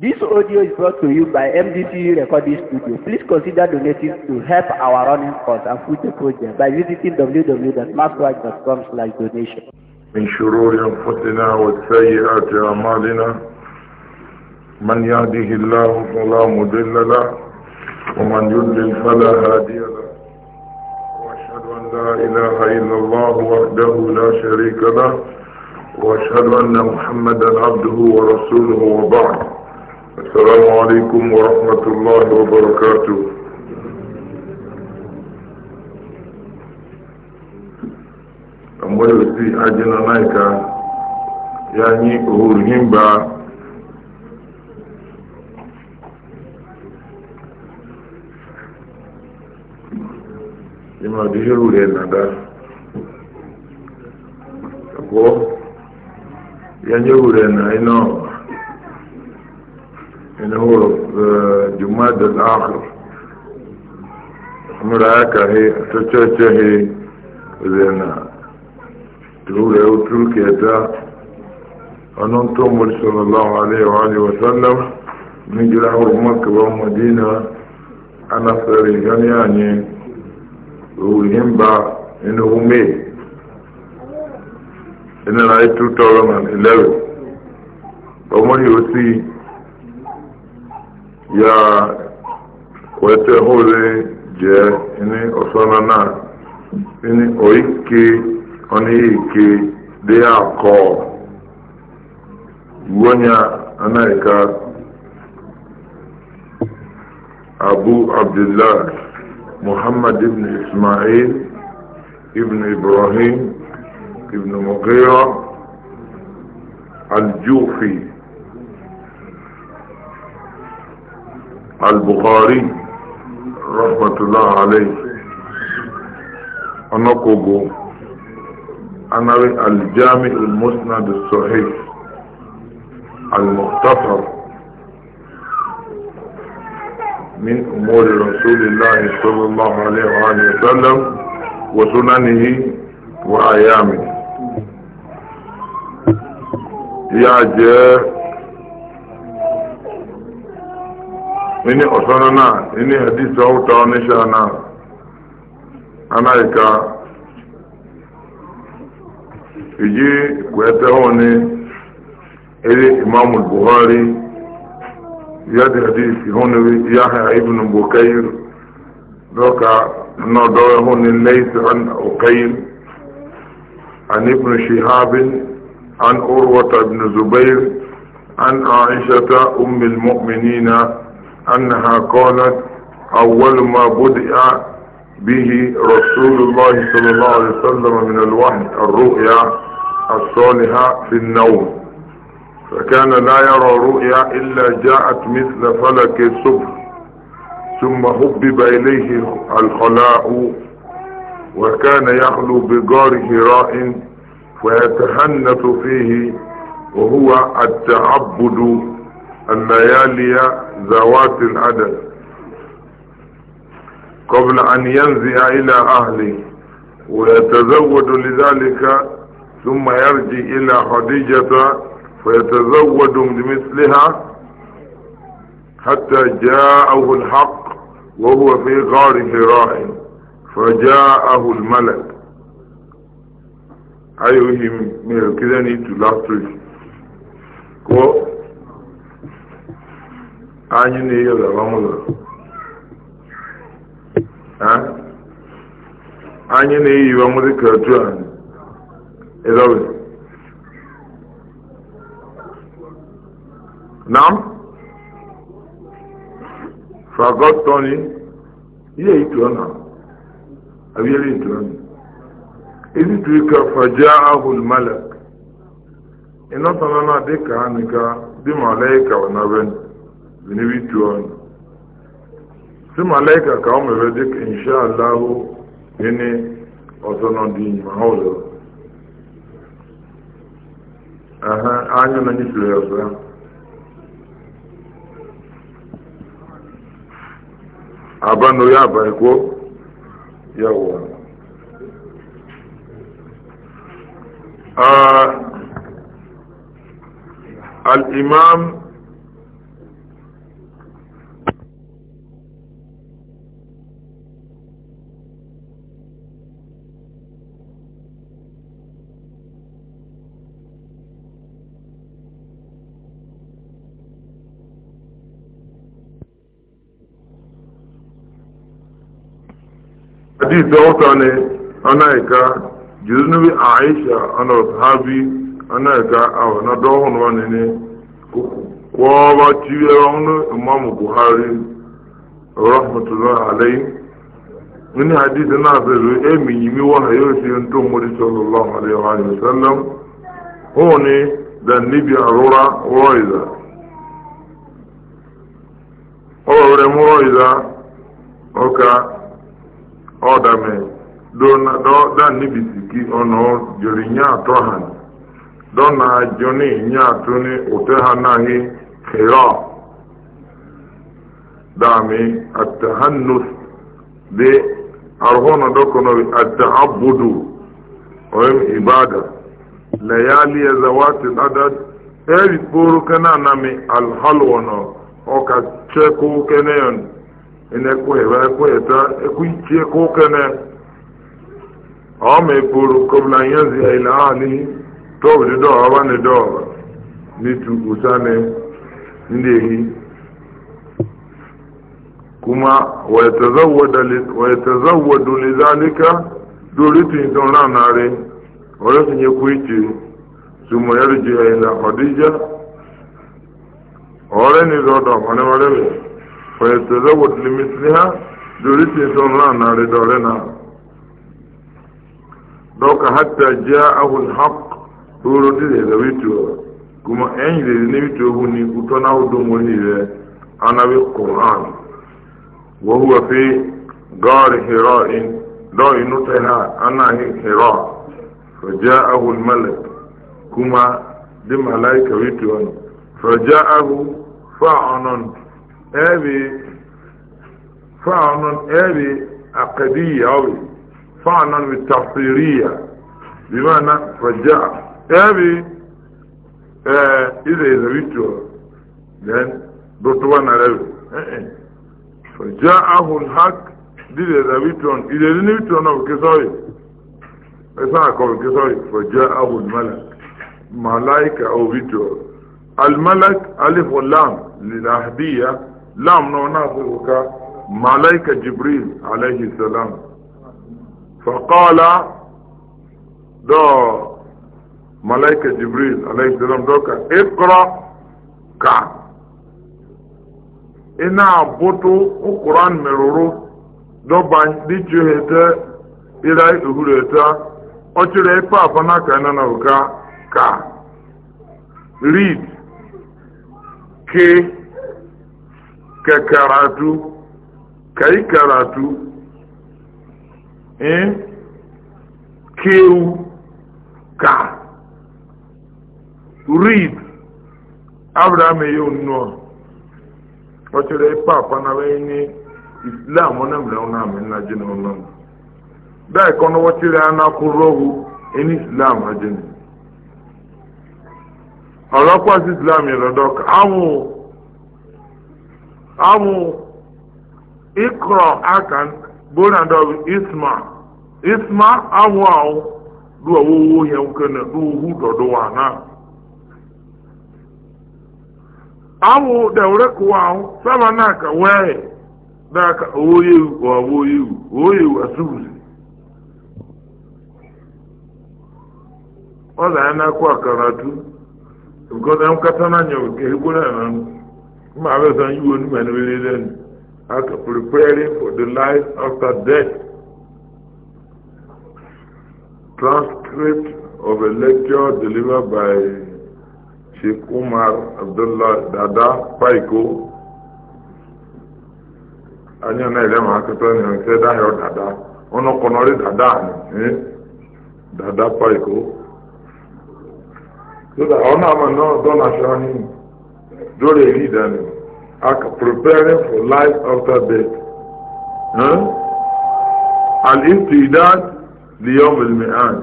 This audio is brought to you by MDCU Recording Studio. Please consider donating to help our running costs and future projects by visiting www.maswag.com slash donation. من شرور أنفسنا وسيئات أعمالنا من يهده الله فلا مضل له ومن يضلل فلا هادي له وأشهد أن لا إله إلا الله وحده لا شريك له وأشهد أن محمدا عبده ورسوله وبعد السلام عليكم ورحمة الله وبركاته mgbada si na naika ya yi ohurhin ba ima da na-aga abụọ ya ko yanyi hure na إن هو آه، جماد الآخر مراك هي تتشى هي ذينا تقول يا تركي يتا أنتم صلى الله عليه وآله وسلم من جلاه مكة ومدينة أنا سريغان يعني وهم با إنه مي إن رأيت 2011 ومن يوسي ya wete hore je ini osona na ini oike oni ike de ako wonya anaika abu abdullah muhammad ibn ismail ibn ibrahim ibn mughira الجوفي البخاري رحمة الله عليه أنقب أنا الجامع المسند الصحيح المختصر من أمور رسول الله صلى الله عليه وآله وسلم وسننه وأيامه يا جاء ini ọsọrọ naa ini hadith ọwụta ọnisha naa anaghị ka iji kwete ọnị eri imam buhari ya dị hadith ihụnụ ya ha ibn bukair doka nọdọ ịhụnụ leysa an ukair an ibn shihabin an urwata ibn zubair an aishata ummul mu'minina أنها قالت أول ما بدأ به رسول الله صلى الله عليه وسلم من الوحي الرؤيا الصالحة في النوم فكان لا يرى رؤيا إلا جاءت مثل فلك الصبح ثم حبب إليه الخلاء وكان يخلو بجار هراء ويتهنث فيه وهو التعبد الليالي ذوات العدد قبل أن ينزع إلى أهله ويتزود لذلك ثم يرجع إلى خديجة فيتزود بمثلها حتى جاءه الحق وهو في غار هراء فجاءه الملك ايوه من الكذاني to last anyị na-eyi ọlọrọmụlọ anyị na-eyi iwe ka otu a na nam fagọtọni ihe ituo na abịara ituo na ezi tuo ka faja ahụl malak ịnọtọ na na dịka ha nika dị malaika ọ na-abịa zunubi tuwon su malaika ka ọmọ ẹ̀rọ dịka insha allahu nini ọsọnọdị ma ha ụzọ anya na anyị siri ọsọ abanu ya abaikwo ya wụwa ah, al-imam hadith da wata ne ana ika jirnubi aisha ana sahabi ana ika awa na dohon wani ne ko ba ciye wani imamu buhari rahmatullahi alai wani hadith na zai e ebe mi yimi wani yau shi yin tun muri sallallahu alaihi ọdame dọ nibisiki ọnọ jiri nye atọ ha dọ na nye atọ ni ụtọ ha naghị kera dami atahannus de arhona dokono ataabudu oyem ibada layali zawati adad eri poro kana nami alhalwono o cheku keneyon ene ekwe ebe ekwe eta ekwichie kukene ọma epuru kọbla ihe zi ile ali tọbụdị dọọ ọba na dọọ nitu usane ndị ehi kuma wayatazawwadu lidhalika duritu insana nare wala sunye kuichi sumo yarji ila khadija ọrẹ ni lọdọ ọmọdé wọlé rẹ فيتزوج لمثلها جلسة دولتي نار لدولنا دوك حتى جاءه الحق دي ذويتو كما أين دي نيتو ذويتو هني وتناو دي أنا بي القرآن وهو في غار حراء دوي ينطيها أنا هي حراء فجاءه الملك كما دي ملايكة ويتو فجاءه فعنن ابي فعل ابي عقدية او فعلا بالتفسيرية بمعنى فجاء ابي اه اذا اذا بيتوا لان برتوانا لابي فجاءه الحق دي اذا بيتوا اذا اذا بيتوا انا بكسوي اذا اقول بكسوي فجاءه الملك ملائكة او بيتوا الملك الف واللام للاهدية lam na wani abu ka malaika jibril alaihi salam faƙala da malaika jibril alaihi salam doka ikra ka ina merụrụ ukuran meruru doban ịra hete ira ọ eta ochire ipa e afana ka na na uka ka read ke ka karatu ka yi karatu eh abụrụ amị yi abraham eyi onuno ọtụrụ ịpa akwa na wee islam ọ na-emere ọ na-amị nna ji na ọnụ ọnụ dị ka ọ na ọtụrụ ya na akwụrụ ọgwụ ịnị islam ọ dị na islam ya lọdọ ka anwụ awụ ịkọ aka bụrụ na isma isma awụ ahụ du ọwụwụ ihe nwoke na uhu dọdụwa wa na awụ dewere kụwa ahụ saba na ka wee da ka oye oye oye asubuzi ọ na-anakwa karatu nke ọ na-enwekata n'anya nke ekwere na nnukwu ma be san you wonu man we then as preparing for the life after death transcript of a lecture delivered by Sheikh Umar Abdullah Dada Paiko anya na ile ma akata ni on se da yo dada ono dada ni eh dada paiko so da ona ma no dole ni da ne preparing for life after death al-imtidad liyom al-mi'an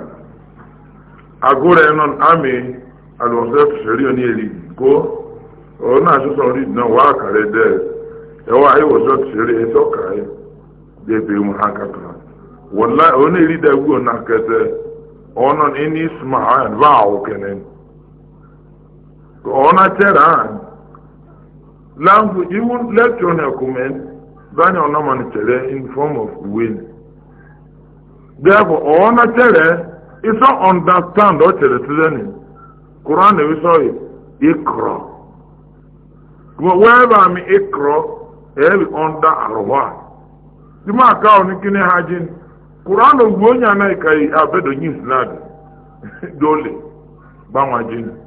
agora é non ame al-wasaf shari'a ni eri ko o na so so ri na wa kare de e wa ai e wasaf shari'a e so kai de be mu haka ta wallahi o ne ri da go na kete onon ini sma'a wa o kenen ko ona tera language, even lecture document, Daniel Norman Chere in form of will. Therefore, Oona Chere is not understand or Chere Sudan. Quran we saw it. Ikra. Wherever I'm Ikra, every eh, under Arwa. The mark out in Kine Hajin. Quran of Gonya Naikai Abedo Nisnad. Dole. Bangwajin.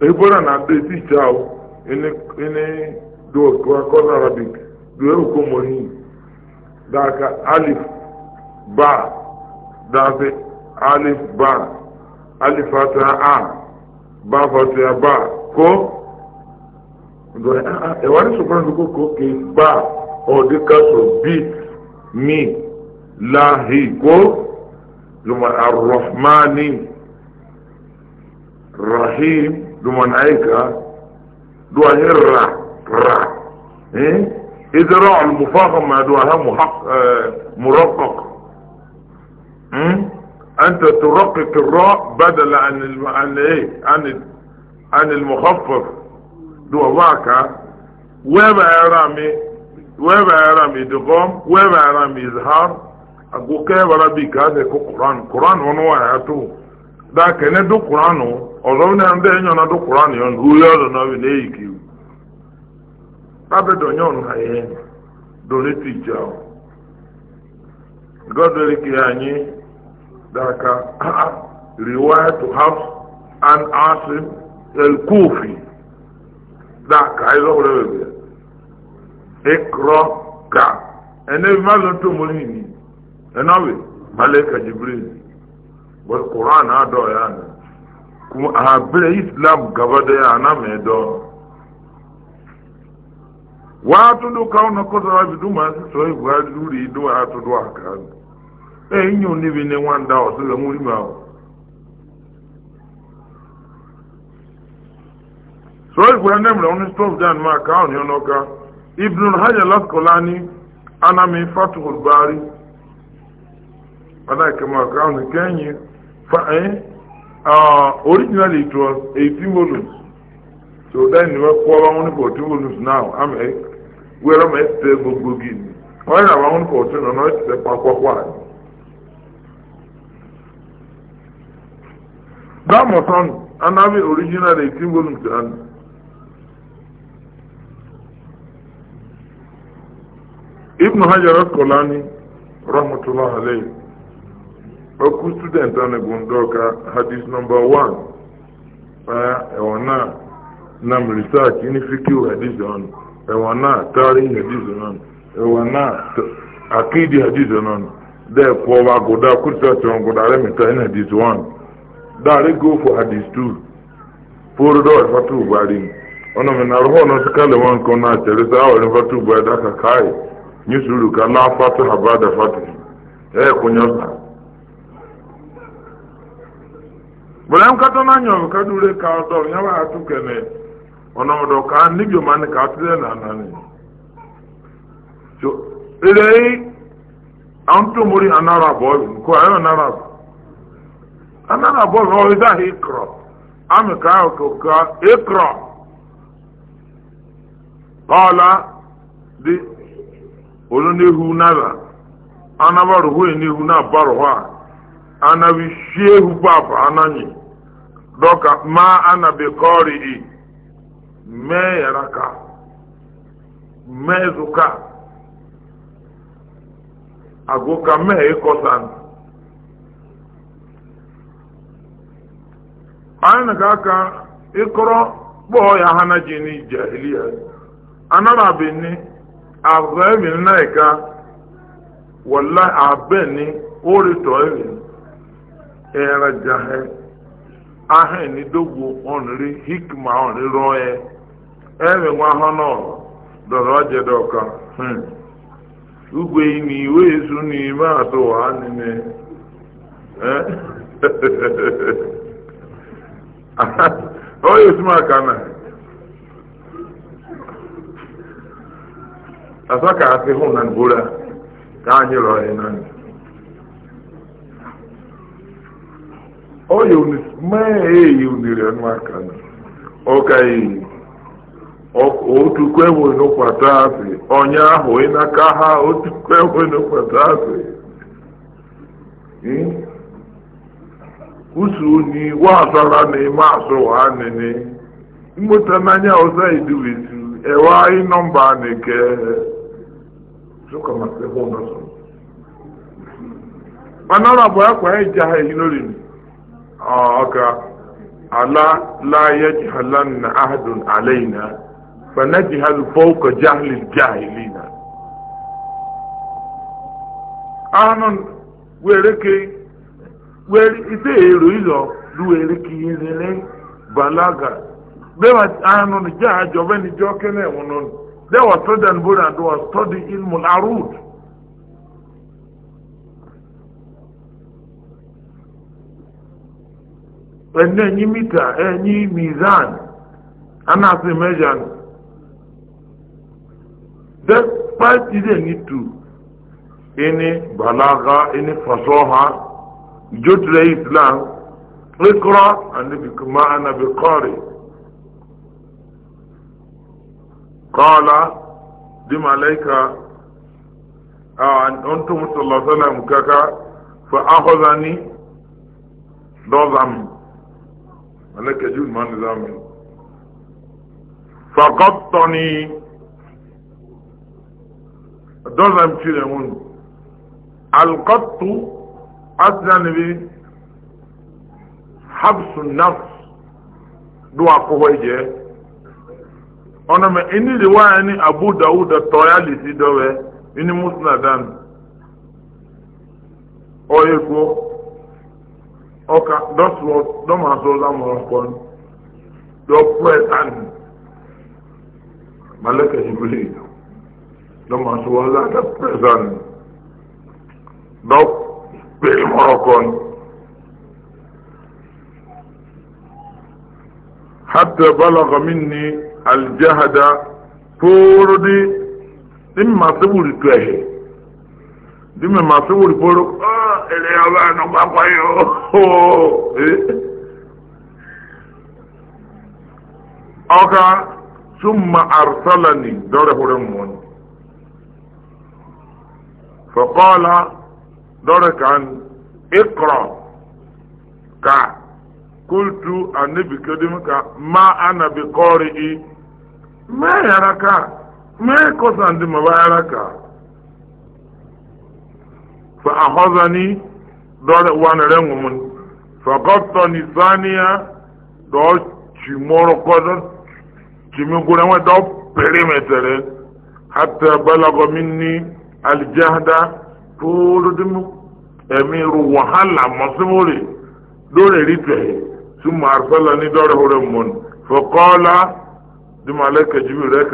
Ebola na-adọ esi ahụ ene do akɔnɔ arabic do ewuko da aka alif ba da daase alif ba alif fata a ba fata ba ko ndɔɛ aa su sɔgbɔn do e, e ko ko ke ba ɔdi kaso bi mi lahi ko luma arrahmani rahim luma naika. دوا هرة را إيه إذراع المفاخم مع دواها محق آه، مرقق ام إيه؟ أنت ترقق الراء بدل عن الم... عن إيه عن عن المخفف دوا واكا وما رامي وما رامي دقام وما رامي إزهار أقول كيف ربي كاذا كذا قرآن قرآن ونوعه daa kene do kuranu ọzọ na ndị enyo na do kuranu yon uyo ọzọ na ọbịa na-eyi ka iwu abedo nyon ha ihe do ne tije ahụ godwere ka anyị daka riwaya to have an asim el kufi daka ịzọ were were ikro ka ene mmadụ ntomori ni enawe malika jibril but quran adọ ya ne kuma a bere islam gaba da ya mai dọ wa tudu na ma su so ibu ha duri do ha tudu e ne da o muri ma so ibu ha nemre on stop down ma ka on yo no ka laskolani ana min fathul bari ana kama ka kenyi Eh? uh, originally it was 18 volumes. So then we call only 14 volumes now. I'm a, where am I stable begin? Why am we only 14 or it's The Pakwakwa. That was on another original 18 volumes and Ibn Hajar al-Kolani, Rahmatullah alayhi, oku student ahụ bụ ndị ọka hadis nọmba 1 ewa na nam research ini fikiu hadis ọnụ ewa na tarihi hadis ọnụ ewa na akidi hadis ọnụ dee kwọwa gụda kwụta chọrọ gụda remita in hadis 1 dari go for hadis 2 foro dọ ifata ubari ọnụ m na arụhụ ọnụ sikala nwa nke ọ na-achere sa awere ifata ubari daka kai nyesuru ka na fatu habada fatu ee kwụnyọsa bọ̀dá nkatọ́ náà nyọ̀ ọ̀ka dúró ká ọ̀dọ̀ ọ̀nyá wà ka tún kẹ̀nẹ̀ ọ̀nà ọ̀dọ̀ ká níbi ọ̀ma ni ká tún lẹ̀ nànà ni. so èrè yìí àwọn tó mórí anára bọ́ọ̀lù nkọ́ ayọ̀ anára anára ka ọ̀ ẹ̀dá ka anabi shehu papa ananyi doka ma anabi kori meyaraka mezuka agoka mee na ana aka ịkọrọ kpọọ ya hanaji ni jahiliya anara binni na-aga wallahi abeni ori to ewe era jahe ahịa ni dogwu hikma ọnri rọọ ya ebe nwa ha nọ dọrọ ọjị dọọka ugwe ni iwe ezu n'ime atụ ha ọ ya esu maka na asaka asị hụ na ngwụra ka anyị rọọ ya na oyo ni mee eyi udiri ọnụ aka na ọka iyi otu kwewe n'ụkwata asị onye ahụ ịnaka ha otu kwewe n'ụkwata asị hmm? usu ni wasara na ime asụ e, ha nene mmụta n'anya ọzọ idubisu ewe anyị nọmba na-eke sọkọmasị hụ nọsọ manara bụ akwa eji ahụ ehi n'olili ọka ala la jihalan na ahadun alaina fa najhal fawqa jahlil jahilina anon wereke weri ise ero ilo duwereke yezele balaga bewa anon jaha jobeni jokene wonon they were studying Buddha and they were studying Ilmul Arud enyi mita enyi mizan anasị mejan despite ihe nitu ini balaga ini fasoha jotire islam ikra anabi kuma anabi kori kala di malaika a antum sallallahu alaihi wasallam kaka fa akhadhani dozam mẹlẹ́kẹ̀ jù máa ń nira mi. fàkọ́tọ̀ ni dọ́là ń fi rẹ̀ wọn. alkọ́tù asìlẹ̀ bi habsu nafs do akọ́wọ́ ìjẹ́. ọ̀nà mẹ́ ẹni lè wá ẹni abu dawud tọ́ya lè ti dọ́wẹ́ ẹni muslim dan ọ̀yẹ́kọ́. ọka dọtụrụ dọmasụ ụzọ mụrụ nkwọrọ malaka jibiri dọmasụ ụzọ aka hatta balaga minni aljahada fóoró di dime masu wulforo ah, ele ya ba na kwakwa yo ọka eh? summa arsalani dọrọ hurin mun fọkọla dọrọ kan ikro ka kultu annabi kadim ka ma ana bi kori i ma yaraka ma kosa ndi ma ba yaraka فأخذني دول وانا رنغمون فقطني ثانية دول شمور قدر شميقول اما دول perimeter حتى بلغ مني الجهد طول دم أمير وحل مصمولي دول ريته ثم أرسلني دول هرمون فقال دم عليك جبريل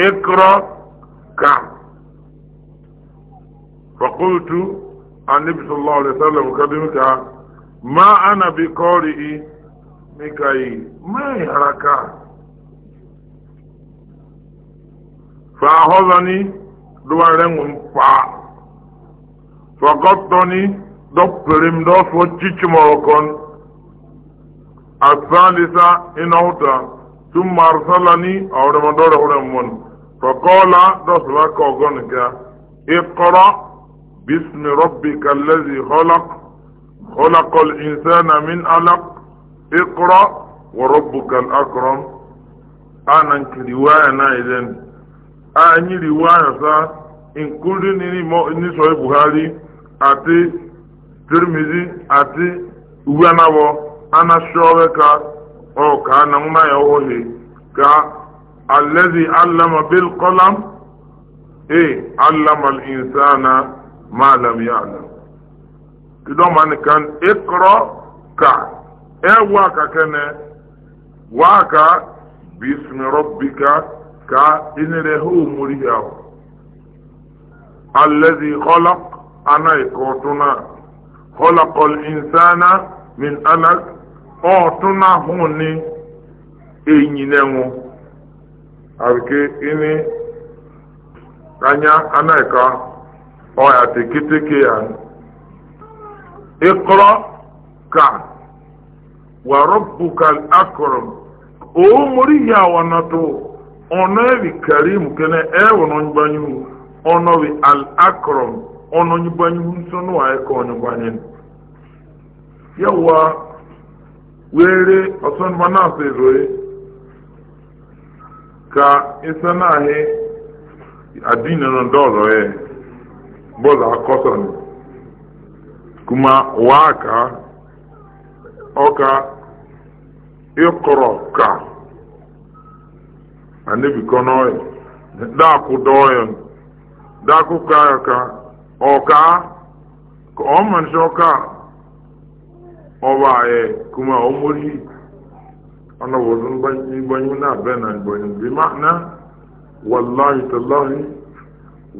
اقرأ كعب فقلت النبي صلى الله عليه وسلم كلمك ما أنا بقارئ مكاي ما يحركا فأخذني دوارين فا فقطني دبرم دوس وچيچ مروكون الثالثة إن أوتا ثم أرسلني أو رمضان فقال دوس لك أغنك اقرأ باسم ربك الذي خلق خلق الإنسان من علق اقرأ وربك الأكرم أنا رواية نايدن أني رواية سا إن كل نيني مو إني سوي بخاري أتي ترمزي أتي وانابو أنا شوكا أو كان ما يوهي كا الذي علم بالقلم إيه علم الإنسان maala m yaala i dọghọ m anị kan e koro ka e wa ka kene wa ka bisimiloro ka ka ị na-ere ha omuri ha ala ịzị kọlọ anaghịkọ ọ tụọ na kọlọ ọ ịzị anaghịkọ ọ tụọ na hu na ịnyine ngu ah ike ị na ọ̀yà tẹ kétéké yà ka wà rọpùkà akọrọ òun mórí yà wọn nàtó ọ̀nà ẹ̀rì kàrímù kẹ́nẹ́ ẹ̀wọ̀n ọ̀nyìnbáyìí ọ̀nà wì al akọrọ ọ̀nà ọ̀nyìnbáyìí nsọ́nù wà ẹ̀kọ́ ọ̀nyìnbáyìí yẹ wà wéere ọ̀sánùmá ka ìsanáà hẹ àdínà náà bọ́ọ̀lù akọ́sọ̀ ni kuma wàákà ọkà ịkọrọ ka anabikọ n'ọyọ daakụ dọọyọ daakụ kaayọ ka ọka ka ọ mmanisi ọka ọba ayẹ kuma ọmọdé ọnà wọdún banyere na abịa na banyere bi ma na wàllahi tallahi.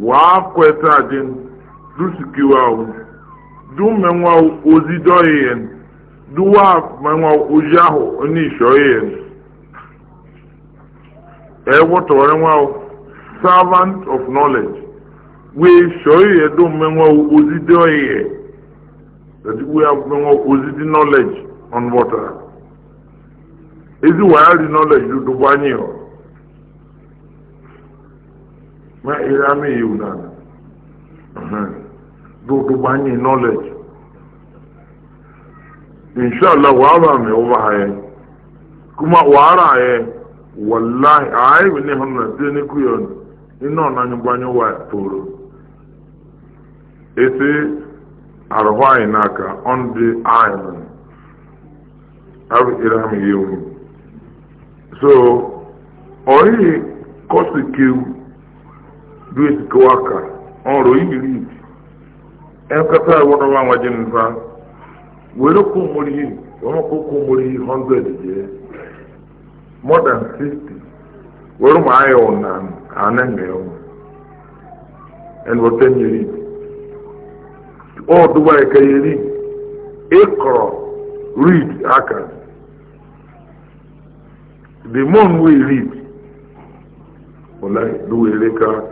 waa kweta din du sikiwawu du menwawu ozi doyen du wa menwawu ozi ahụ onye ishoyen ewotore nwawu servant of knowledge wee shoye do menwawu ozi doyen that we have menwawu ozi knowledge on water ezi wayari knowledge dudu ma ere ama eyiwu na dodo gbanye knowledge inshallah wa ba me wa haye kuma wa raye wallahi ai ne hamna dene ku yon ino na nyugwanye wa toro ese arwai naka on the so duk esi ka ọrụ iri ẹnkata ẹwọdọ wa wájú nípa wẹrẹ were mórí yìí wọn kó kó mórí yìí hundred yẹ more than sixty wẹrẹ mọ ayọ ọ̀nà àná mẹ́wọ́ ẹni wọ́n tẹ́ nyeri ọ̀ dùbà ka yẹri read aka the more we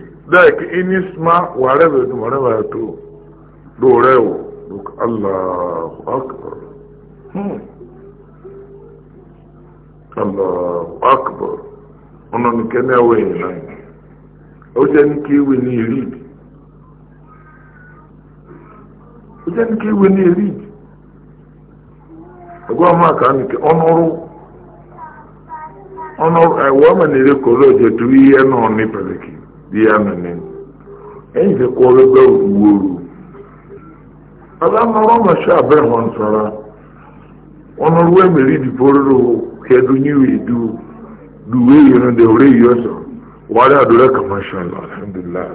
dẹ́ẹ̀kì inisma wà rẹ́bẹ̀ tó mọ̀rẹ́bẹ̀ tó lóòrẹ́ wò lókè aláàbò akbar hmm. aláàbò akbar ọ̀nà nìkẹ́ ní ẹwẹ́ yìí náà ó jẹ́ ní kí ìwé ní ìrì ó jẹ́ ní kí ìwé ní ìrì bia mene ɛn sɛ kɔ bɛbɛ wuoru alamma rɔma hyɛ abɛn hɔ nsara ɔno ruwa meri di pororo kɛdo nyiwe du duwe yi no de ore yi ɔsɔ wale adore kama hyɛn la alhamdulillah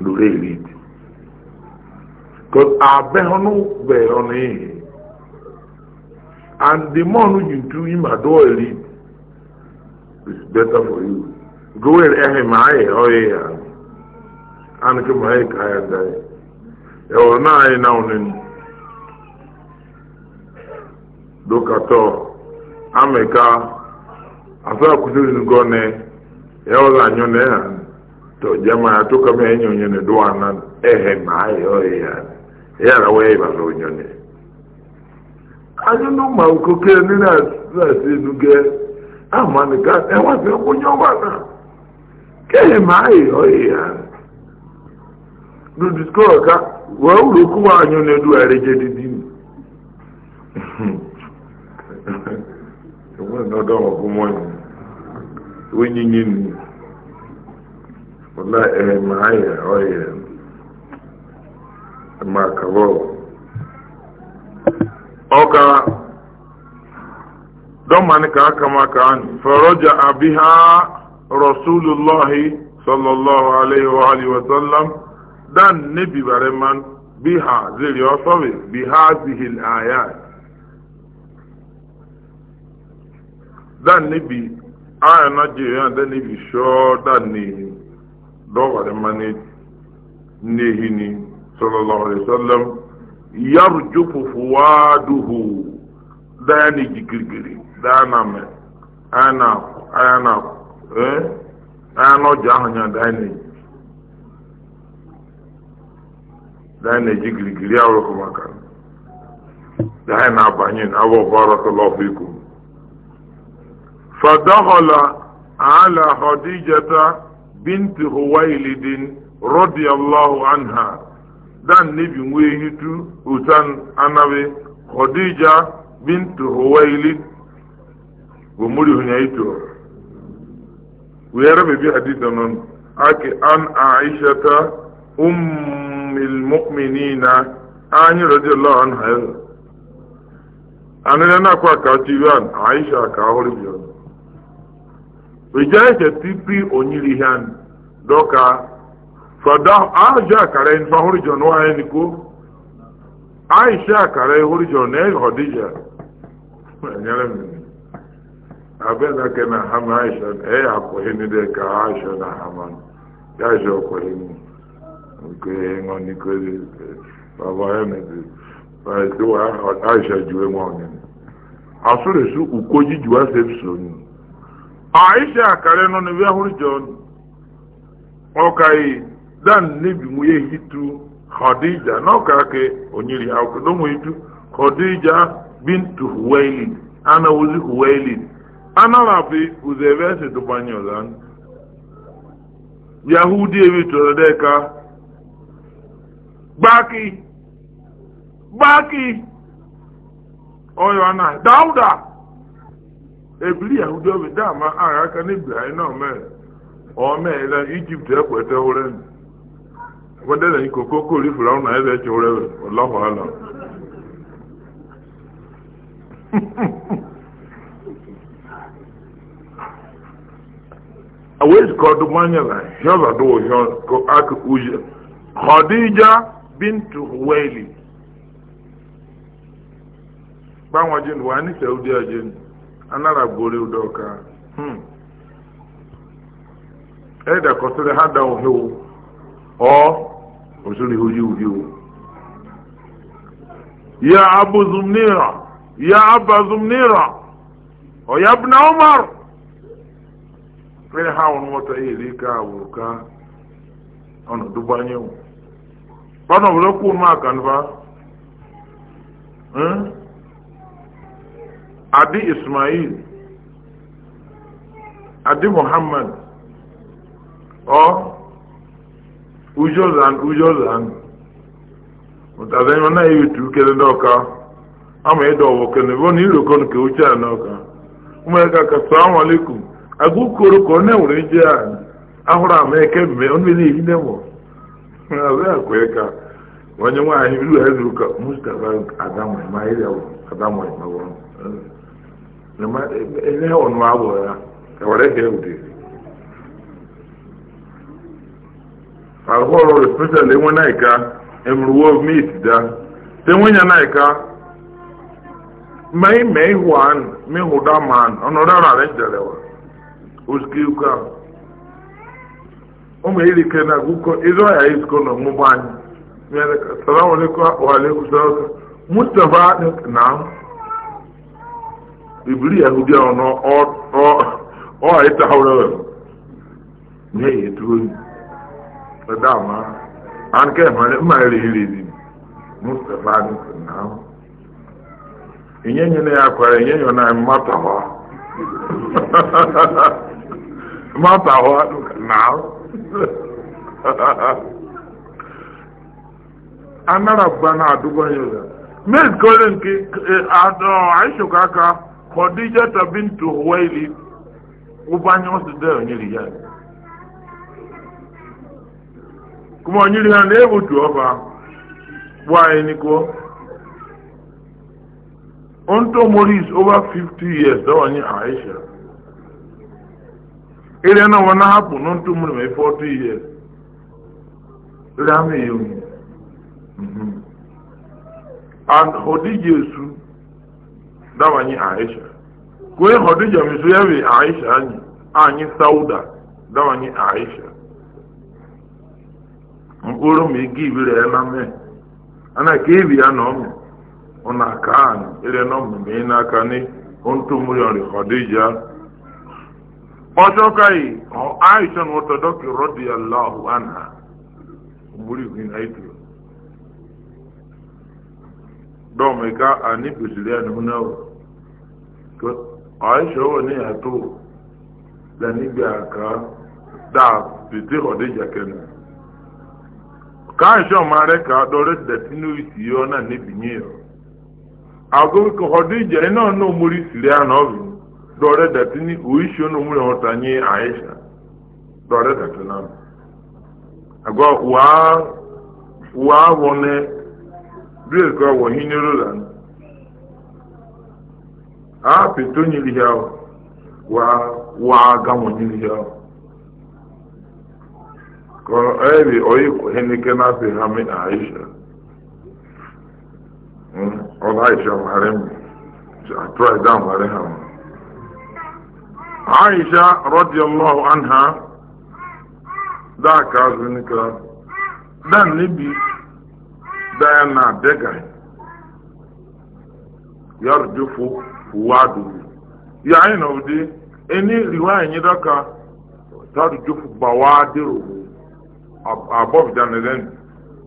dore yi di kɔ abɛn hɔ no bɛ ɔno and the more no you do him at all it is better for you. gowar ehe maaye oye ya an ki maaye kaya dai ọ e na ya to jama ya tuka me enyo nye ne duwa nan ehe maaye oye ya ya rawe ba so nyo ne anyo e e no ma ukoke ni na sa nuge se kele maayi oyi ya dudu skool ka wee uru kuba anyo na edu areje didi ni ewu na ọdọ ọkụ mọnyi onyinye nye nni ọla ehe maayi oyi ya ma kabọ ọka dọmani ka aka maka anyị fọrọja abiha rasulullahi sallallahu alaihi wa alihi wa sallam dan nabi bareman ziri osobe bi hadhihi al ya dan nabi sho bareman sallallahu alaihi wa ee anụ ọjị ahụ nya danyị na-eji girigiri arụkụ maka danyị na-abanye na awọ ọbara tụlọ ọfụ iku fadọhọla ala khadijata binti huwailidin radiyallahu anha dan nebi nwee hitu utan anabi khadija binti huwailid gomuri hunya ito ويرمي بي حديث من أكي أن عائشة أم المؤمنين أني رضي الله عنها أنا لنا كوا كاتيوان عائشة كاهولي بيان وجاءت تيبي أنيليان دوكا فدا عائشة كارين فهوري جون وهاينكو عائشة كارين هوري جون نيل خديجة يعني abin da na hama aisha e e ya yi akwai ni da ka aisha na hama ya shi akwai ni nke yi nwa ni ko yi baba ya na ti ba ti wa aisha juwe nwa onye ni asụrụ su uko ji juwa se so ni aisha kare nọ ni bịa hụrụ jọn ọka dan nebi mu ya hitu khadija n'ọka ke onyiri akwụkwọ n'onwe hitu khadija bintu huwailid ana ozi anarapi uzebe situpanyozan yahudi ebitolodeka gbaki gbaki oyo ana dauda ebili yahudi obi dama agha aka n'ibrahim na ome ome ila egypt ekwete huren wadela ikoko kori fura na ebe eche hurewe ọlọhụ ala awezi kọdụ manya na hịọza dị ụhịọ a aka uja khadija bintu huwaili gbanwa jin wa ni saudi ajin anara gbori udoka hmm ẹ̀dà e kọsílẹ̀ ha da òhìn o ọ òsìlẹ̀ ya abu zumnira ya abba zumnira ọ̀yá bìnnà umar kpere ha nwụrụ nwọta iri ka awụrụ ka ọnọdụ gbanye wụ kpọnọ wụrụ kwụ m akanva eh? adi ismail adi muhammad ọ ujozan ujozan mụtazanyi ọ naghị etu kele ndị ọka ama ịdọ ọwụ kele bụ na irokọ nke uche a n'ọka ụmụ ya ka ka agụkoro ka ọ na-enwere ije a ahụrụ ama eke mme ọ na-ele ehi na-enwe abịa akwa ka onye nwaanyị ilu eze ụka mustapha adamwe ma iri adamwe ma ọ ele ọnụ abụ ya ewere ka ewude ahụ ọrụ spesial enwe naika emuruwo mit da ya tenwenya naika mai mai huan mi hudaman onodara renjalewa osikikwa ụmụ irike na agụkọ ịzụ ọhịa izukọ na ọmụmụ anyị mere ka salamu alaikum alaikum salamu mustapha na ibiri yahudi ahụ na ọ ịta hawara n'ihi etu oyi ọda ama an kai mma iri iri na inyenye na ya kwara inyenye na mmatawa mata waɗuka na'am an na rabbana e, a dubban yau mai kolin ki a aishu kaka khadija ta bintu huwaili ubanyi wasu da yau nyiri ya kuma nyiri ya na ebu tuwa ba waye ni ko on to over 50 years da wani aisha ere na wana hapụ mmiri ma ife ọtụ ihe ere ama ihe onye and hodija esu dawanye aisha kwee hodija mesu ya wee aisha anyị anyị sauda dawanye aisha mkpụrụ ma igi na ana ya ọ na-aka anyị na mmiri ọjọ́ káyì ní wọ́tọ̀ dọ́kì rọ́dì aláhu anha múrí ìhìn àìtù dọ́ọ̀mẹ̀ká àníbìsílẹ̀ ẹnu náà aisha wọ̀ ní àtò lẹ́nìgbà àká dáa ká dọ́rẹ́ dẹ̀tí ní ìsì náà níbi yẹn o àgọ́ kọ̀ọ̀dẹ́jà iná náà mórí sílẹ̀ àná dɔre datini uisho no mure nye aisha dɔre datina agwa wa bia wone bil ko ọrụ hiniro lan a pitoni liya wa wa ga mo ni liya ko ebi oyi ko henike na fi hami aisha ọlá ìṣe ọmọ rẹ mi àtúrà ìdá ọmọ rẹ hàn aisha radiyallahu anha da ka zunika dan nibi da yana daga yarjufu fuwadu ya na udi eni riwaya nyi daka tarjufu bawadiru above than then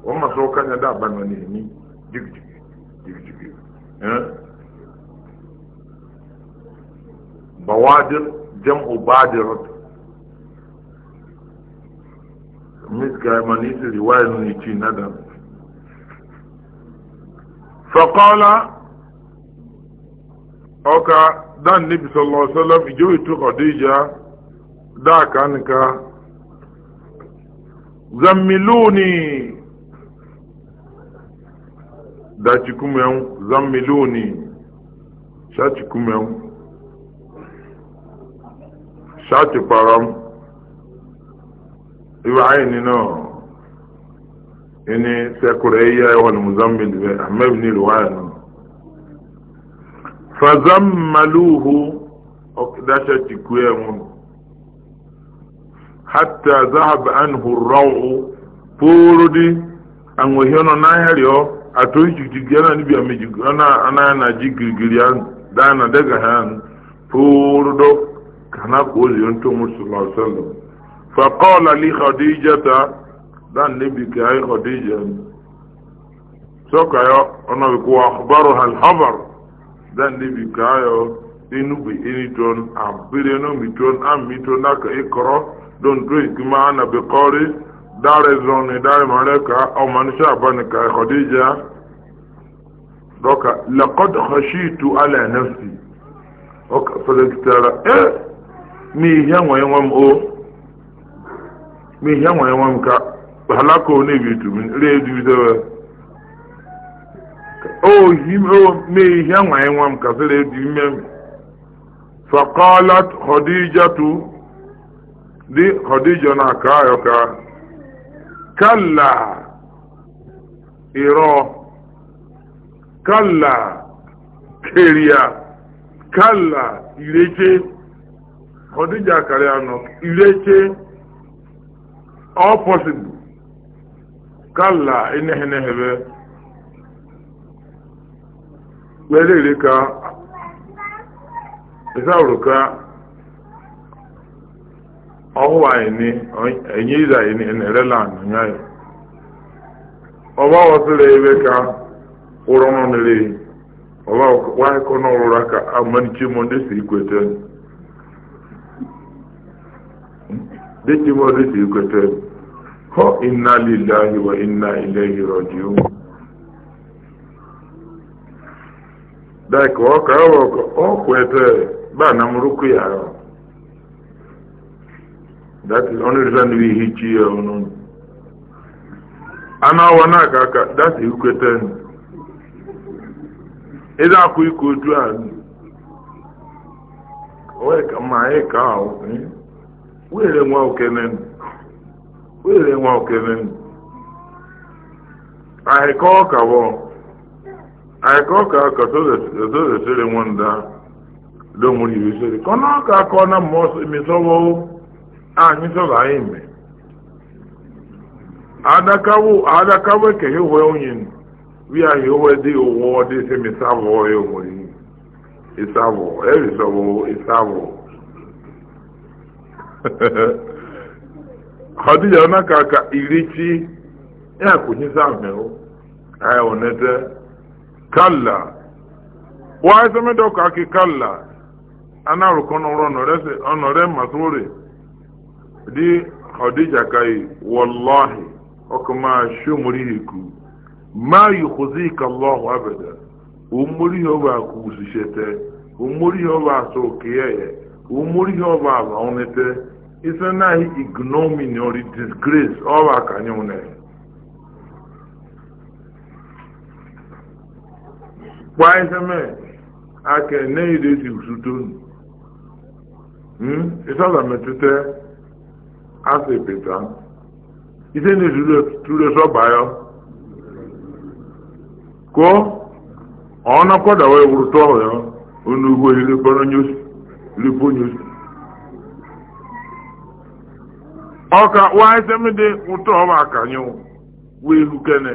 wọn ma sọ kanya da ba na ni jigijigi jigijigi bawadir jam'u badirat miska ma nisi riwaya nuni ci nadan faqala oka dan nabi sallallahu alaihi wasallam ijo itu da kanka zammiluni da cikin yau sha ṣáàtì pọ̀rọ̀ ìwà àìní náà ìní sẹ́kùrẹ́ yíyá ẹ̀wọ̀n mozambique bẹ́ẹ̀ ahmed ní ìlú àìní. fazammaluhu ọ̀kẹ́dáṣẹ́ ti kú ẹ̀ wọn. hatta zahab anhu rawu póródì àwọn èèyàn náà náà hẹ́rì ọ́ àtòrí jìgìrì náà níbi àmì jìgìrì náà náà jìgìrì dáná dẹ́gà hàn póródò. kana kooli yon to mu sallallahu alaihi wasallam fa qala li khadijata dan nabi ka ay khadija so ka yo ono ko akhbaru hal khabar dan nabi ka yo inu bi ini ton abire no mi ton am mi ton aka ikro don to ikma na bi qori dare zone dare malaka o manisha ban ka khadija doka laqad khashitu ala nafsi oka fadakitara eh mihia nwee nwa m o mihia nwee nwa m ka halaka one bi tu re du de o hi o mihia nwee nwa m ka sere du m faqalat khadijatu di khadija na ka yo kalla iro kalla keria kalla ireche Khadija karịa nọ ireche all possible kala eneghenehebe were ere ka ịsaụrụ ka ọhụụ anyị enye ịza enerela anyị anyị ọba ọsịrị ebe ka ụrọ nọ n'ere ọba ọkwa ịkọ ka aka amanichi si kweta. de ti mo ri ti kwete ho inna lillahi wa inna ilayhi raji'un da ko ka wo o ba na muruku ya ro that is only reason we hit ọnụ on ana wana ka ka that is kwete ida ku ikodu a o ka ka were nwa okene were nwa okene ahịka ọka bụ ahịka ọka ka sozesere nwanda domuri ibisere kọna ọka kọ na mmụọ emisọwọ anyị sọrọ anyị mee adakawo adakawo ekeghe uwe onye wia ihe uwe dị ụwọ dị sị misavọ ya onwere isavọ erisọwọ isavọ Khadija na aka ka chi ya kunyisa amewo aya onete kalla wa iseme do ka ki kalla ana rukono rono rese onore masuri di Khadija kai wallahi okuma shumurihiku ma yukhzika Allah abada umuri hoba kuusishete umuri hoba sokiyeye umuri hoba onete isi naghị ignomini or disgrace ọwa ka anyị nwere kwa iseme aka na-ede esi usuto ịsọza metụta asị pịta ise na-ezuru sọba ya ko ọ nọkọdawa ewuru tọọ ya onugwu ihe nyosi ripo nyosi ọka wasemde ụtọ ọba ụmụ wee hukene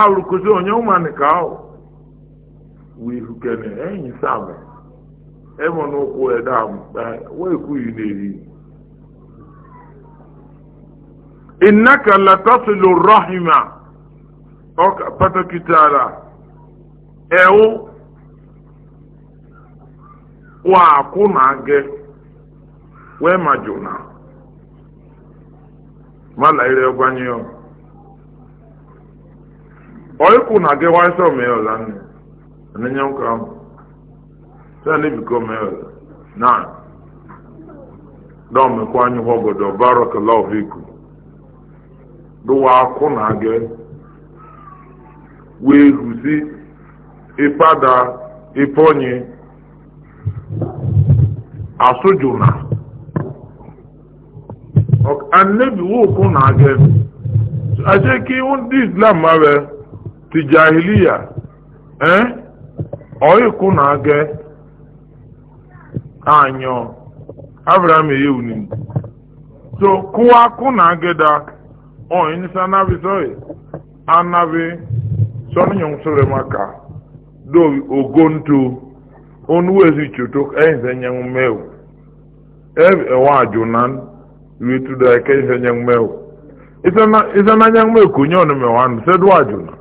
alụkụzi onye ụmanị ka ahụ wee hukene enyi sam emo n'ụkwụ eda wee kwughị n'eri innaka latasilu rahima ọka patakitara ewu wa akwụ na gị wee majụ na mala ire ọgbanye ọ ọịkwụ na gị waịsị omeọla nne anenye nka ahụ sịa n'ebikọ omeọla na dọmekwa anyị hụgodo barọkala ọhịkụ dụwa akwụ na gị wee huzi ịpada ịpọnye asụjụ juna. and annabi wo kun na ge ase ki won di islam ma be ti jahiliya eh oyi kun na age anyo abraham e yewu ni so kuwa kun na age da o ni sana bi so e anabi so ni yon sure maka do ogonto onu wezi chutok eh zenyangu mewu ewa ajunan wetu da kai fe nyang mew isama isama nyang mew ku nyon me wan se do ajuna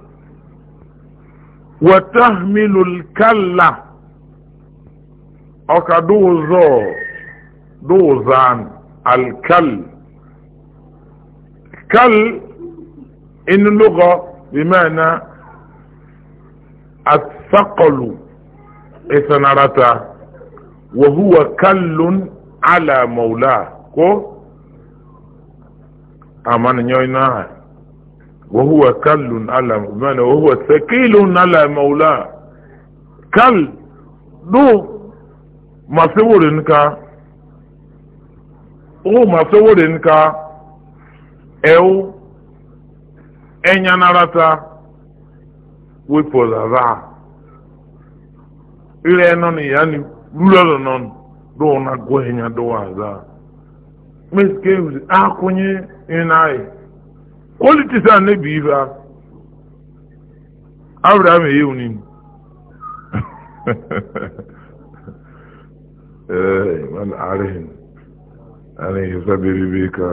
wa tahmilu al kalla akadu zo do zan al kal kal in lugha bimana الثقل إثنرته وهو كل على مولاه كو amana nyoinaha وهو كل على بمعنى وهو ثقيل على مولاه كل دو ما سورنكا او ما سورنكا او enyanarata wepụtara ire na ni nọ na gụọ ịnya azaa meskevu akwụnye ịnaghị kwalitis a na-ebi ibe a abraham eyi unim ee mana arihin anaghị sabiribi ka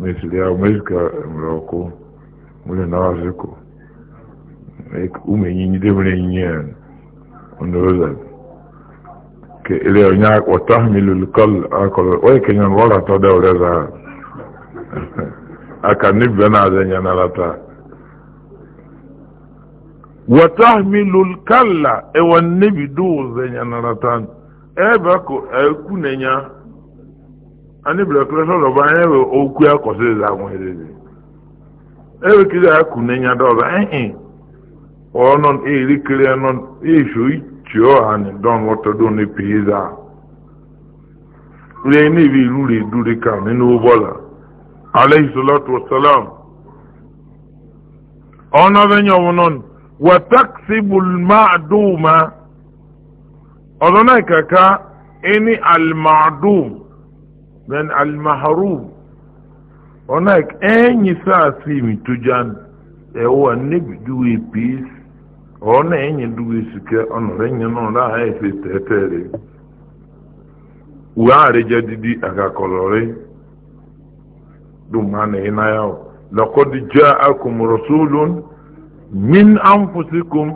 mesiri ya mesika mere ọkụ mere na waziko umenyi ndị nwere enyi ya ilé ọ̀nyá wọ̀táhìmìlì olùkọ́l akọ̀lọ̀ wọ́n kì í yan wọ́rọ̀ A ọ̀rẹ́ rà aka níbẹ̀ náà dẹ̀ yẹn náà ta. wọ̀táhìmìlì olùkọ́là ẹ̀wọ̀n níbi dùwò dẹ̀ yẹn náà ta ẹ̀bẹ̀ kò ẹ̀kú nìyà anibirẹ kúrẹ sọ̀rọ̀ bá yẹn wọ okú akọ̀sí ìlà kiri tiohani don wata don ni piza le ni bi ruri duri ka ninu bola alayhi salatu wassalam ona benyo wonon wa taksibu almaduma odona kaka ini men ben almahrum ona enyi sa simi tujan ewa nibi duwe peace ona enye duwe sike onore enye no ra ha efe tetere uwe are didi aga kolore du mana ina ya laqad ja'akum rasulun min anfusikum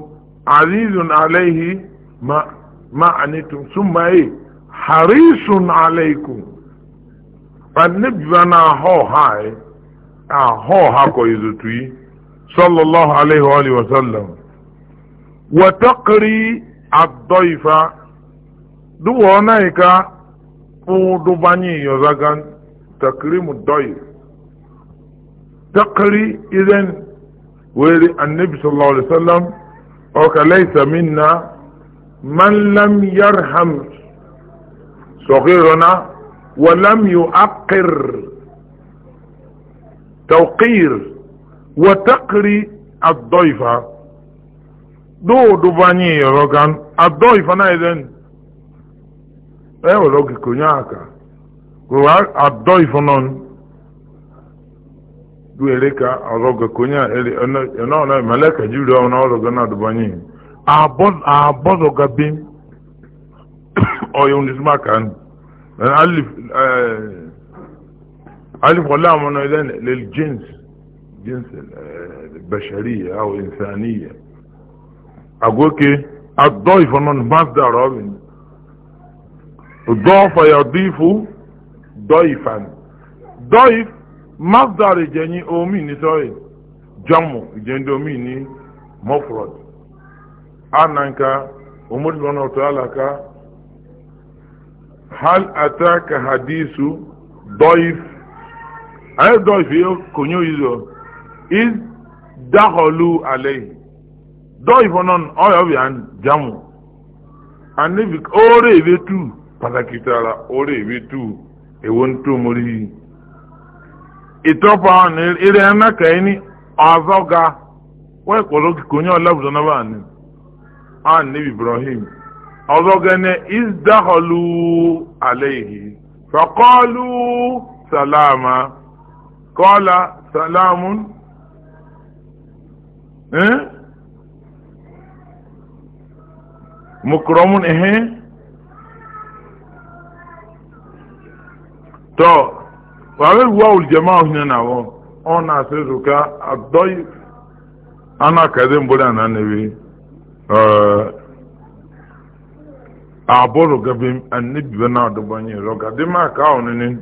na alayhi ma ma anitum summa ay e, harisun alaykum annabana ho hai a ho ha e, ko izutui sallallahu alayhi wa sallam وتقري الضيف دو هناك باني يزاغان تكريم الضيف تقري إذن ويري النبي صلى الله عليه وسلم أوك ليس منا من لم يرحم صغيرنا ولم يؤقر توقير وتقري الضيفه doodo banye yoro adọ ado ifana eden e wolo aka ado ifonon duele ka aroga kunya ele ono ono malaka juro ono aroga na do abon abozo gabim oyun dismakan alif eh, alif wala mono eden lil jins eh, agwa oke adọ ifo nọ na mmadụ dara ọrịa ụdọ ọfọ ya ọdọ ifo dọ ifan dọ if mmadụ dara eji enyi omi ni sọrọ jọmụ eji ndị omi ni mọfrọd a na nka omodibo ọtọ alaka hal ata ka ha dị isu dọ if anyị dọ ifo ya konyo izu is daholu alehi dɔw ifɔ nɔn ɔyɔ bi an jamu ani bi ɔɔre ebi tu pataki taara ɔɔre ebi tu ewo n tó mori yi e ìtɔpɔ ni ìrìn e, e ɛnna kɛyìn ni ɔzɔga wọ́n kɔlɔ konyɔ labudɔ naba ani ani bi ibrahim ɔzɔga ni isdakɔlu aleyi fakɔlu salama kɔla salamu. Eh? mukromun ehe to wawe wawul jama'a hina na wo ona se adoy ana na newe eh aboro gabe annabi bana da banye roga de ma ka onene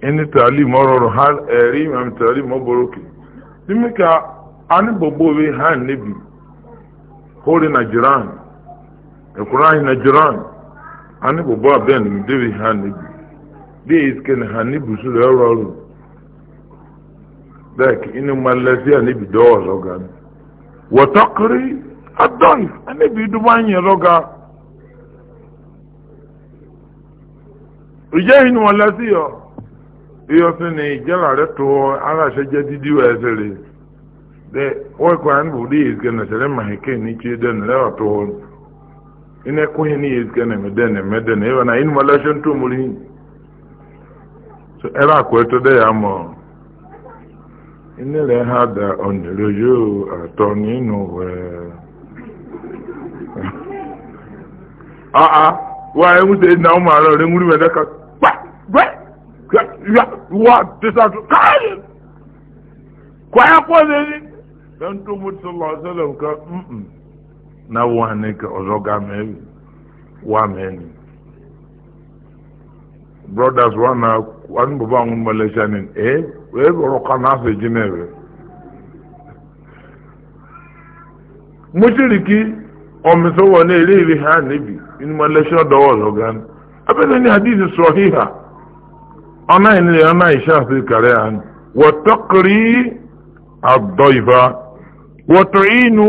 eni talim ororo hal eri ma talim oboroki dimika ani bobo we han nebi na anyị na jiran ani bu bo ben dewi hani de isken na bu su ro ro dak inu malasi ani bi do ro gan wa taqri ad-dayf anyị bi ga ije inu malasi ya iyo sini na re to ala se je didi wa esere de wo ko an bu de isken na sele ma heke ni ina ko ni yezga na medene medene na in to muri so era ko to de mo. ina le ha da on atoni no we a a wa e mute na o ma ro re muri meda ka pa ya wa kwa ya ko de don to mut sallallahu alaihi wasallam ka na nwanne ka ọzọ ga mee wa mee ni brothers wa na wani baba anwụ malaysia ni ee wee bụrụ ka na afọ eji mere mushiriki ọmịsọwa na-eri iri ha ebi in malaysia dọwa ọzọ ga abịa ni hadithi sọhiha ọ naghị nile ọ naghị isha asị karịa ha adọ wọtakiri adọiva wọtọinu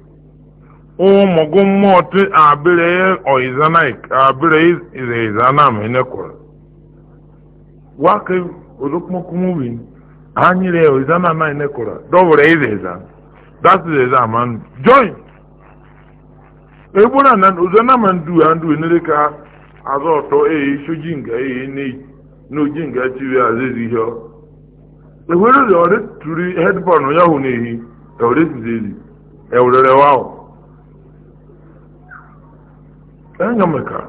umugu mmoti abireye oizanaik abireye izanam inekura wake olukumukumubin anyire oizanama inekura dobure izeza that's the exam and join ebura na uzanama ndu andu ineleka azoto eyi shujinga eyi ni n'ojinga chiri azizi ihe ewere ọrịa tụrụ hedbọn ya hụ n'ehi ewere ezi ewerere wa ahụ enga ah. meka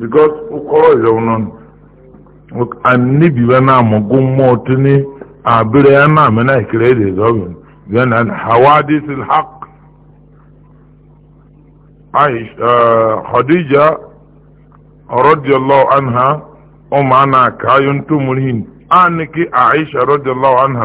because na mo gummo tini abire ya na mena ikire de Aisha Khadija radiyallahu anha aniki Aisha radiyallahu anha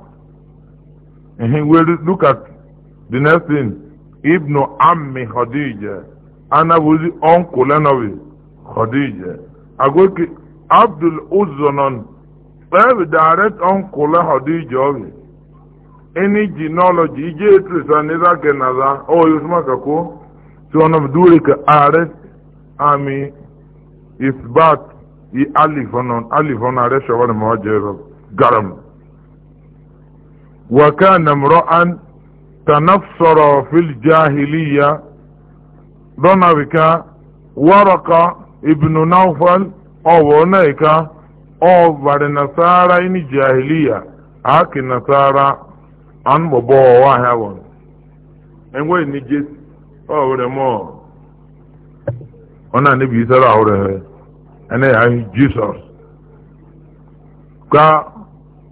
Well, look at the next thing. Ibn Ammi Khadija. Ana wuzi uncle anawi Khadija. Agoki Abdul Uzzanon. Ebe direct uncle Khadija obi. Any genealogy, ije etrisa nira kenaza. Oh, yusma kako. So one of dure ka arrest ami isbat i alifonon alifonon arrest shawar mawajezo. Garam. Garam. وكان امرأ تنفر في الجاهلية ضنبك ورقة ابن نوفل أو ونيك أو بعد نصارى إن جاهلية أك نصارى أن بابا واحد أنوي نجس أو رمو أنا نبي سرى أنا يعني جيسوس ka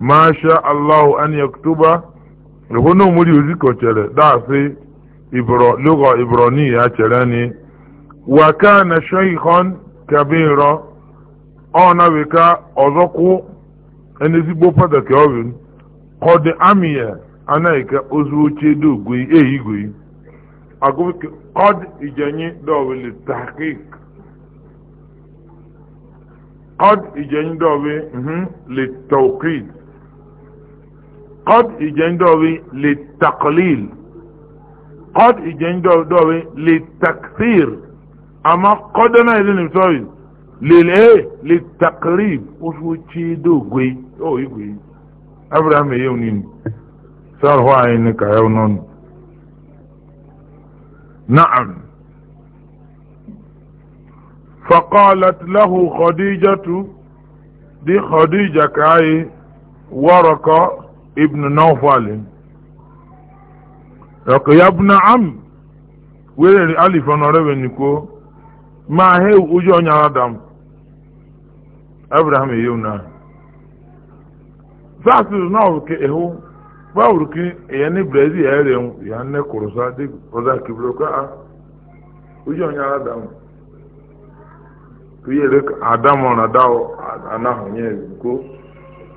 masha allahu an yaktuba hunu muri uziko chere dasi ibro lugha ibraniya cherani wa kana shaykhan kabira ona wika ozoku enezigbo pàtàkì ọrin kọdị amịya anaghịka ozu oche dogwe ehigwe kọd ijenyi dọwili tahkik kọd ijenye dọwi mhm, le tawkid قد يجندوي للتقليل قد يجندوي للتكثير اما قدنا اذن مسوي للايه للتقريب وشو تشيدو قوي او يقوي ابراهيم يونين صار هو عينك يونون نعم فقالت له خديجة دي خديجة كاي ورقة ibn nawfal yọkọ ya bụ na am were alif ọnọrọ weniko ma he ụjọ onye adam abraham eyew na zasụ na ọrụ ke ehu bawuru ki eya ni brazil ya ere ya nne kụrụ sa dị ọza kibiro ka a ụjọ onye adam kuyere adam ọ na dawo anahụ nye ko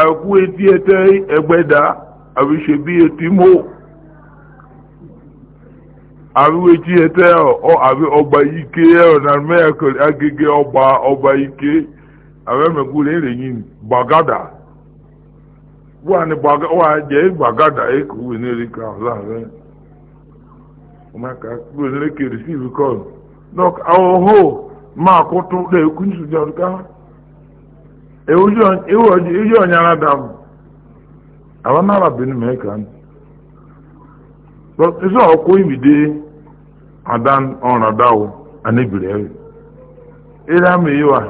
àìkú etí ẹtẹ ẹgbẹ́dá àríṣebí etí mò àríwé etí ẹtẹ ọ àrí ọgbà ike ọ̀nà mẹ́ẹ̀kọ̀lẹ̀ ọgbà ike yìí gbàgádà wà ní gbàgádà ẹ̀kú ìnírí kan láàrin ọmọ ẹ̀ka kúrò nílé kèrè sí ìrìkọ́ọ̀nù náà àwọn ọ̀hún ewu onyara dam awa nara benin meka but isi ọkụ ibide adan ọrụ adawo a nebiri eri ere ama yiwa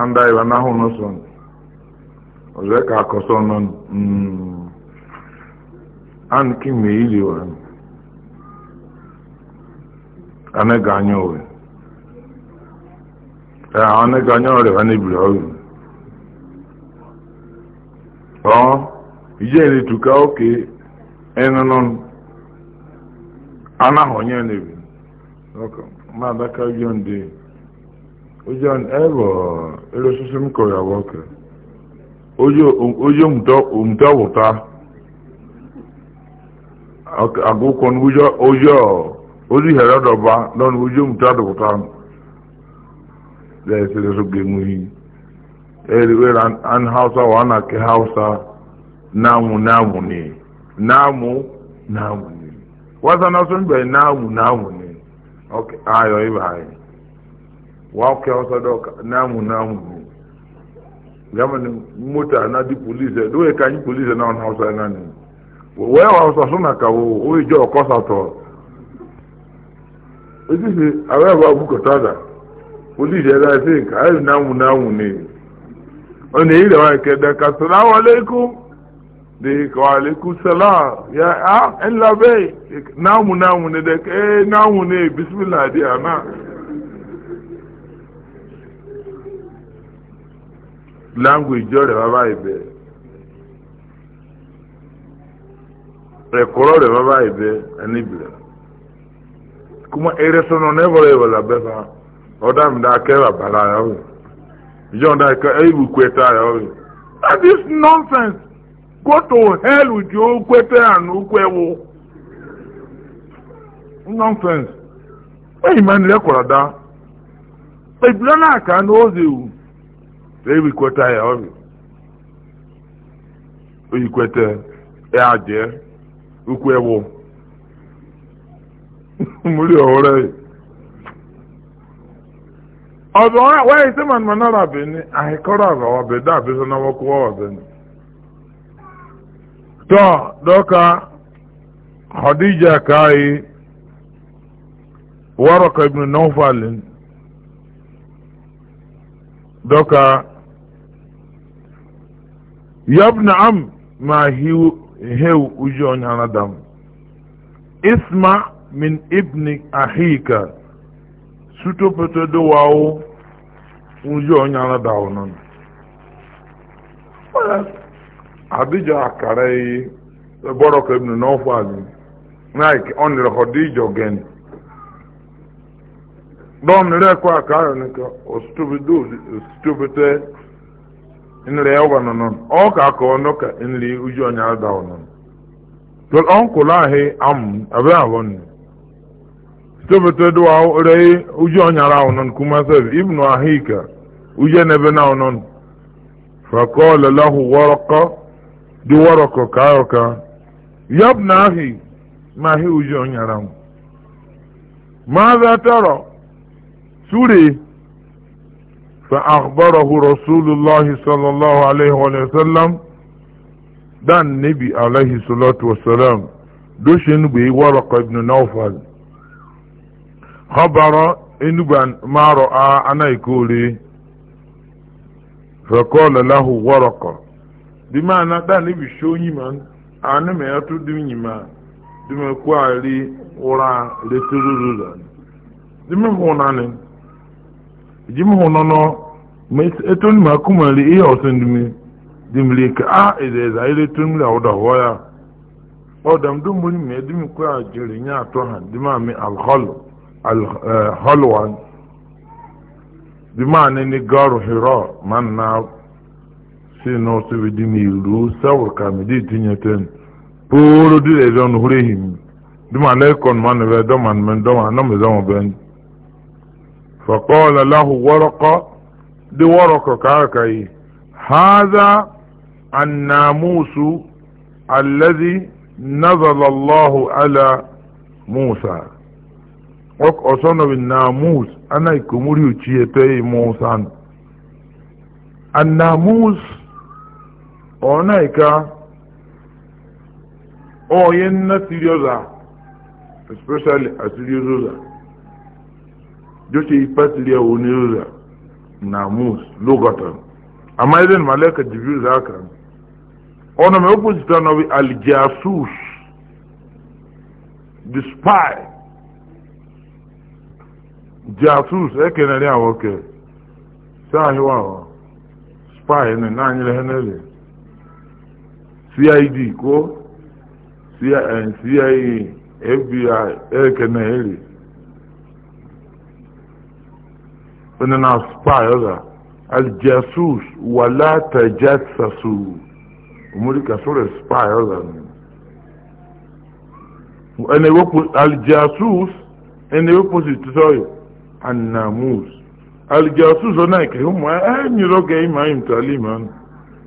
anda iwa na ahụ n'ụsọ ọzọ ka akọsọ nọ mm. anụ kemgbe iri wa ga anya owe àwọn ní kan yóò rẹ̀ wá ní ibrahim ọ ìjẹ́ ìrè tùkà òkè ẹnunu anáhọ̀nyẹ́ níbi máa dáká ojú ọ̀ndé ojú ọ̀ndé ẹ̀rọ eré sísè mi kọ̀ ìyàwó ojú òmùtọ́ wùtá àgókò ní ojú ọ̀hẹ̀rẹ́ dọ̀ba lọ́nà ojú òmùtọ́ da ya sile su gemuhi eriwere an hausa wa ana ke hausa namu namu ne namu namu ne wasa na sun bai namu namu ne ok ayo ibe ayo wa ke hausa doka namu namu ne gama ni mota na di polisi do e ka ni polisi na on hausa na ne we hausa suna ka wo o ijo e kosa to ojúṣe àwọn ẹ̀rọ abúkọ̀tà dà ndị ji ebe ase nke anyị na na ọ na-eyiri nwaanyị kede ka na alaikum dị ka alaikum ya a enlabe na-anwụ na-anwụ ne dị ka ee na-anwụ ne bismillah dị ana language ọrịa baba ibe ẹkọrọ ọrịa baba ibe ẹni bìrẹ kuma ọdam da kẹwà bàrà yà wẹ john da kẹ ẹyìnbù e kwẹta yà that is nonsense go to hell with your kwẹta and ukwewu nonsense wẹ́n ìmọ̀ ẹni lẹ́kọ̀ọ́ da ìdúró e náà kà ní ó zèwù ẹyìnbù e kwẹta ya wẹ oyi kwẹtẹ ẹ àjẹ ukwewu múlẹ̀ ọ̀rẹ́ yìí. ọdụ wa ise man manara bini ahikọrọ aba wa bi da bisa na wakuwa wa bini to doka hadija kai waraka ibn nawfalin doka yabna am ma hiu heu ujo nyana dam isma min ibni ahika suto pete do wawo unjo onyala dawo non abija akare e boro ko ibn nawfal nike on le khadija gen don gịnị e, ko akare ne ko ostubidu stubite in le yoba non ọ ka akọ ọnụ ka in tobete do awo rei kuma sebe ibn ahika uje nebe na lahu di ka yab na ahi ma ahi uje onyara awo ماذا ترى سوري فأخبره رسول الله صلى الله عليه وسلم دان نبي họbarụ enugbe a maara ọha anaghi kwa ole efe e e e kwa lela ahụhụ dị mịa na dị amị ibi shụọ anụ na-eyetụ dị mị nyim a dị mịa nkụ a nri ụra retụrụ ụra dị mị hụ naanị dị m hụ nọnọ ma etu onye na-akụ mụ nri ịnyịnya ọsọ dị m nke a ezeeza anyị na-etume nri awụda ụgbọ ya ọ dị amị duum ezinụlọ mmiri ma ndị nkụ a dị nye atọ ha dị mị al-halwan eh, ni man si n'otu di ka di di ikon na zama ben ọsọ osono bin namus ana ikumuri uchiye pei musan an namus ona ika oyen na a especially a sirioza joshi ipa siria wonioza namus lugatan amma idan jibiru jibril zaka ona me opposite na bi al jasus the spy jasus ekenere ya nwoke sahiwa spy ne naanị lehenele cid kwuo cia e, fbi ekenere onye na spy ọza aljasus wala tajassasu umurika sore spy ọza ẹni wọ́pọ̀ aljasus ẹni wọ́pọ̀ sí tísọ́yọ̀ annamus aljasus na ke humo enyi roge ima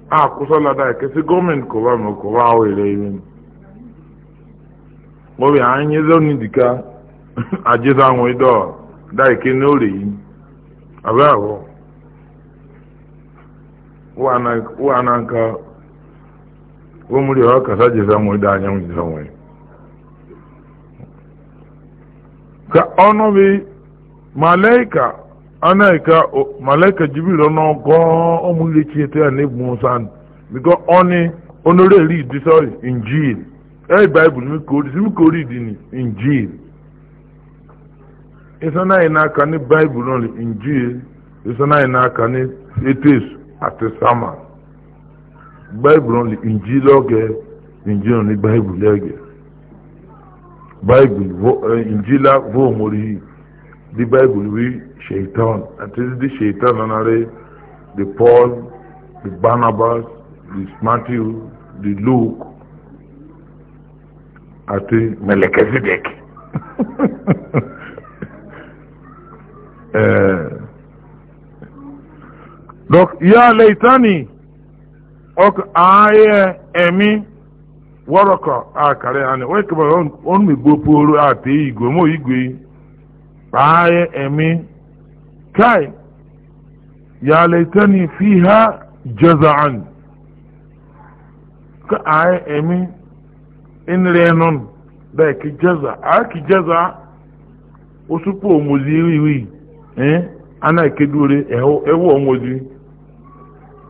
a kusala da ke si gomen ko ba mo ko ba o ile yin mo bi anyi zo ni dika ajeza won ido da ke no re na wa na ka wo ka ọnụ malaika anaika malaika jibril ọ̀nà gan ọmọ ilé tiẹ̀ tẹ́ ẹ̀ ní musa because ọ́ni onore rí ìdí sọ́ọ̀rì injil ẹ̀ bible mi kò rí mi kò rí ìdí ni injil ìsọ́nà yìí n'aka kà ní bible injil ìsọ́nà yìí náà etes sama baịbụl nọ injil oge injil náà ní oge ẹ̀gẹ̀ bible injila vóòmù the bible we shaitan that is the shaitan anare the paul the barnabas the matthew the luke àti melekizedek eh. dok ya leitani ok aye emi waroko akare ani wekebe on mi gbopo oru ati igwe mo igwe baaye emi kai ya fi ha fiha jaza'an ka aye emi in renon da ki jaza a ki jaza wasu po omozi wiwi eh ana ke dure ewo ewo omozi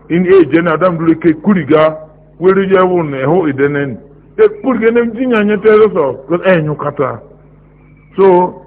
in e je na adam dure ke kuriga were je wo na ewo e kurige nem jinya nyete so ko e enyu so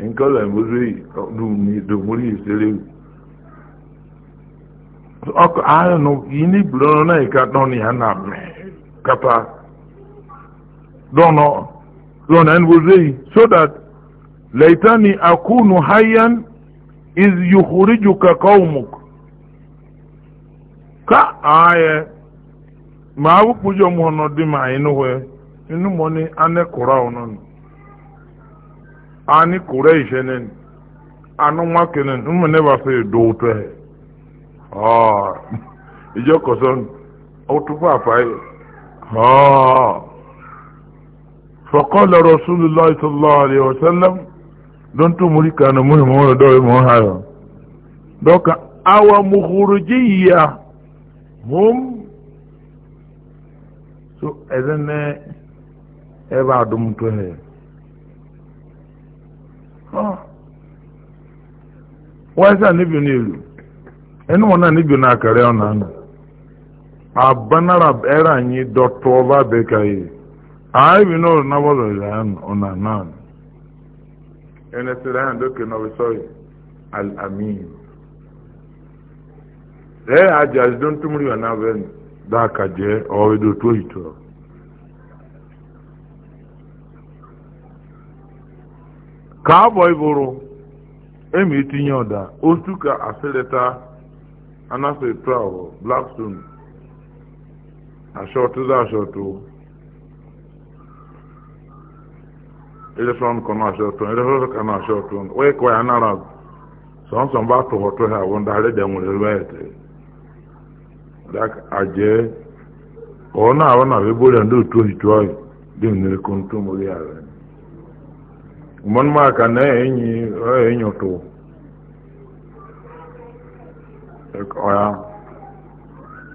nǹkan lọ ìmúdú ìdòmúrí ìṣeré wù ọkọ àánú yìí ní ìbùdó náà ìka tán kata dọnọ dọ́nà so that lẹ́tàní àkúnù hayan is yòkúríjù kakọ́ ka ká ka màá ma jọmọ́ ọ̀nà dì máa inú wẹ̀ inú mọ́ ní anẹ́kùrá ọ̀nà ani kure ishenen anu makenen umu ne ba fe do to he ah ijo ko son o tu fa fa ah fa qala rasulullah sallallahu alaihi wasallam don to muri kana mun mo do mo hayo doka awa mukhurujiyya hum so ezene eba dum to he wáyé níbi ní èlò ẹni wọn náà níbi náà kẹrẹ ọ̀nà àná abanara ẹ̀rà yín dọ̀tọ̀ ọba bẹ́ẹ̀ka yìí ààbì náà ọ̀nà wọ́lọ̀ ìlà ọ̀nà náà ẹni sẹ́rẹ̀ hàn lókè náà wíṣọ́yì alamin ẹ̀ àjàdùn túmùrì ọ̀nà bẹ́ẹ̀ dáa kàjẹ́ ọ̀rẹ́dọ̀ tó ìtọ́. ka abọị bụrụ emi etinye ọda otu ka asịrịta anafe travel blackstone ashọtụda ashọtụ eletrọn kọ na ashọtụ eletrọn ka na ashọtụ wee kọọ ya nara sọnsọn bụ atụghọtụ ha bụ ndị arịda nwere rete dak aje ọ na-arụ na ebe ụlọ ndị otu ohitu ọyị dị nwere kọntu mụrụ ya rere mon ma ka na enyi e enyi to e oya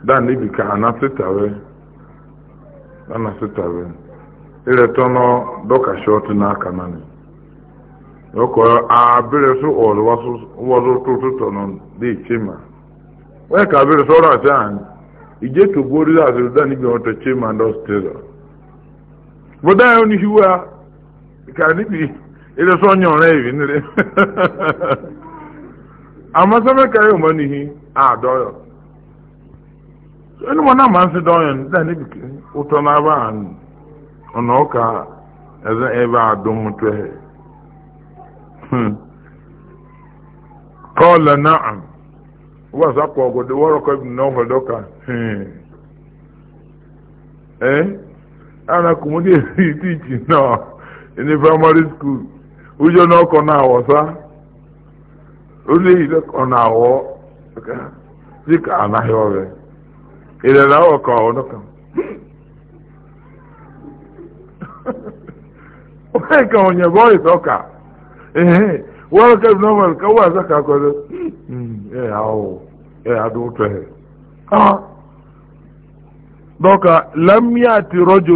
dan ni bi ka anasitawe anasitawe ile tono doka short na aka nani oko abire su olu wasu wasu tutu tono di chima we ka abire so ra tan ije to gori da se dan ni bi on to chima ndo stela bodan oni hiwa ka ni bi ilé sọ́nyọ̀ rẹ̀ ìrì nílé a sọ́fẹ́ kẹrẹ́ ìmọ̀ nìyí àdọ́yọ̀ ẹni wọn náà máa ń sí dọ́yọ̀ nígbà níbi òtọ́ náà bá àánú ọ̀nà ọ̀ka ẹ̀zẹ̀ ẹ̀bá àdómútó ẹ̀ kọ́ọ̀lẹ̀ náà wọ́n sàpọ̀ ọ̀gọ̀dẹ̀ wọ́rọ̀kọ̀ ụjọ n'ọkọ na-awọsa onye ile ọ na-awọ dịka anaghị ọrịa ịlele ahụ ka ọ nọka onye ka onye bụ ọrịa ọka ee wọ́n ka bí nọ́ọ̀mù ká wọ́n àṣà kà kọ́lé ẹ̀ àwọ̀ ẹ̀ àdúgbò tó ẹ̀. dọ́kà lámìá ti rọ́jò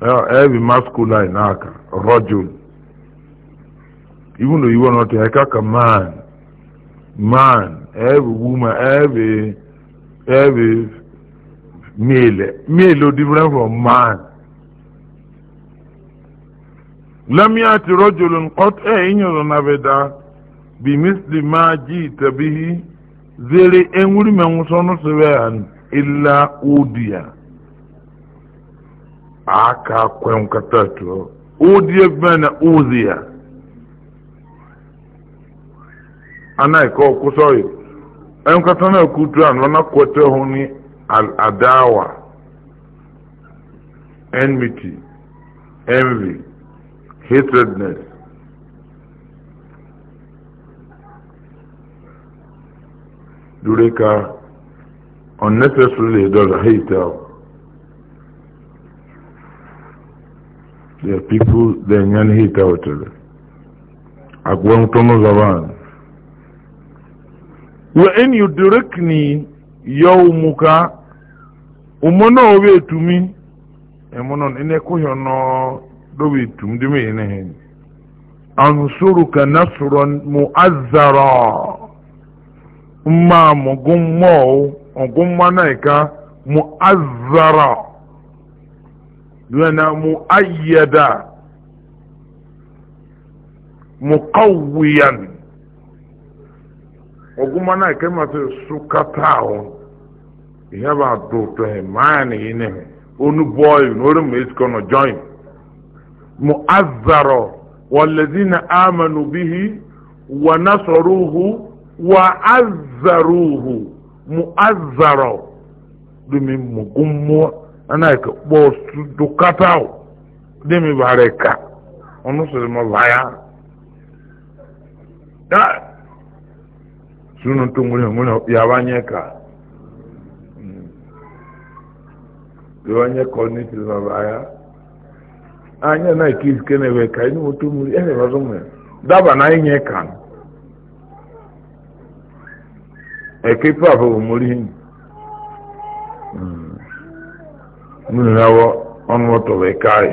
heavy eh, masculine n'aka rojul even though you were not a kaka man man every woman every every male o different from man lami ati rojulun qat e inyo na veda bi misli ma ji tabihi zere enwuri menwuso no se ve an illa ya. aka kwenka tatu udie vena udhia anayeko kusoyo enkatana na wanakwete honi al adawa enmity envy hatredness dureka unnecessarily does hate out the people dem ngan hit out akwai tono zaban wa in yudrikni yawmuka umono obe tumi emono ine ko yono do be tum de me ne hen ansuruka nasran muazzara umma mugummo ogumma naika muazzara لنا مؤيدا مقويا وقمنا كما سكتاهم يبقى دوتهم معني ينهم onu boy nori is kono join mu'azzaro wallazina amanu bihi wa nasaruhu wa azzaruhu mu'azzaro anaghịkwa kpọọ dukata demi bara ịka ọnụ sịrị ma vaya da sunu to nwere nwere yaba nye ka yaba nye ka ọnụ sịrị ma vaya anya na ike izike na ewe ka ịnụ moto mmiri ebe ọzọ mmiri daba na inye ka ekipa bụ omori hmm. nínú náwó wọn mú tó lè káyì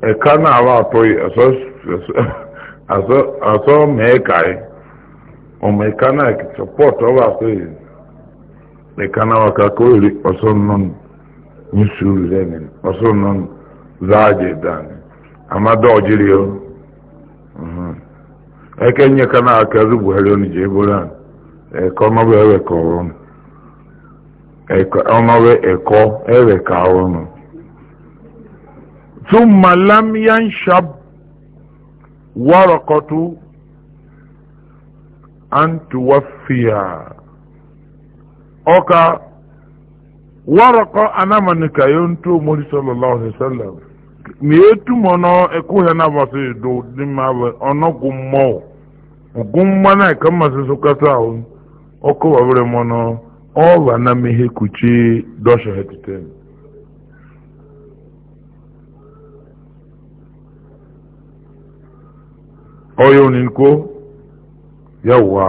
ẹ̀ka náà wà tó yìí àsọ mẹ́ẹ̀káyì ọmọ ẹ̀ka náà kì ọba tó yìí ẹ̀ka náà wà kakó rí ọ̀sọ́ nínú ní sùúrù lẹ́nu ọ̀sọ́ nínú záàjì dání ọ̀jírí o náà kẹ́rù buhari oníjẹ́ ẹ̀kọ́ kọ̀ ọmọwé ẹ̀kọ́ ẹ̀rẹ̀ e ká ọrùn tún malamyansa wọ́rọ̀kọ́tù antuwafia ọka wọ́rọ̀kọ́ anamanìkà yóò ń tó mọ́rí sọ́lọ́láwọ́ sẹ́sẹ́lẹ̀ mìí túmọ̀ náà ẹ̀kú hẹ́ náà bá sí ìdó dìmọ̀ ọ̀nà gùn mọ́ náà ẹ̀ka mọ̀ sí náà. ọba na mehe kuchi dọsha hetite oyo ninko yawa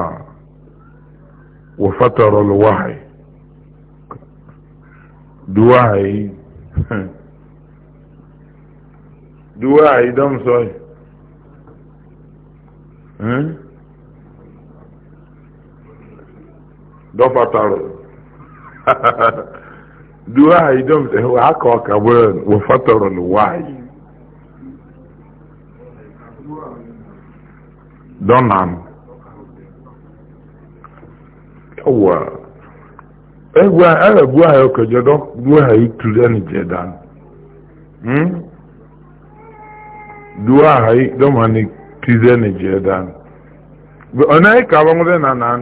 wa fatara alwahi duwahi duwahi don soy hmm? dọfatara du'a idom ta wa haka wa kaburan wa fatarun wahi donan yawa egwa ara gwa ya ka jodo gwa ha itule ni jedan hmm du'a ha domani tizene jedan ona ka ba mu na nan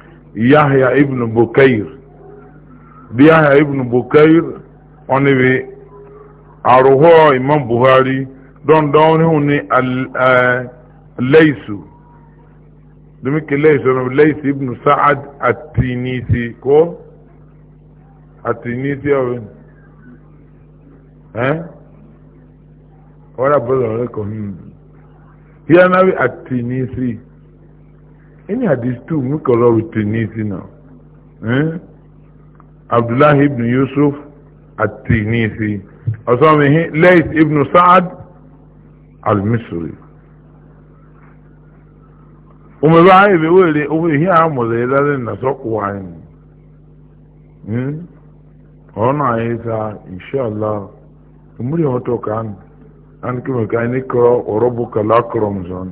yahya ibn bukair di yahya ibn bukair wani bi aruhuwa imam buhari don don hun ni laisu domin ke laisu na laisu ibn sa'ad atinisi ko atinisi abin eh wani abu da wani kohimi yana bi atinisi Any of these two we call up with Tunisi now. Eh? Abdullah ibn Yusuf at Tunisi. Also Lays ibn Sa'ad al-Misri. Ume ba ibe wele uwe hi amu da yadare na sokuwa yin. Hmm? Ona oh, isa inshallah umri hoto kan an kuma kai ni ko orobu kala krom zone.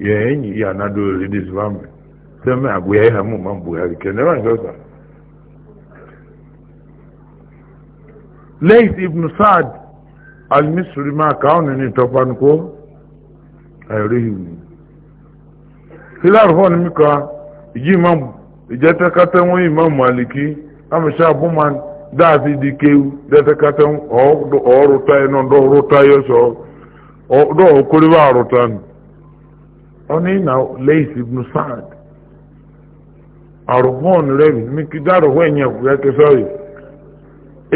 yenyi ya nado lidis vambe sema abuya ya mu mambu ya kende wa ngosa Lays ibn Saad al-Misri ma kaun ni topan ko Hilal hon mika imam maliki am shabu man da fi dikewu jata kata o do oni na leis ibn saad arhon rebi miki daro wenye kuweke sorry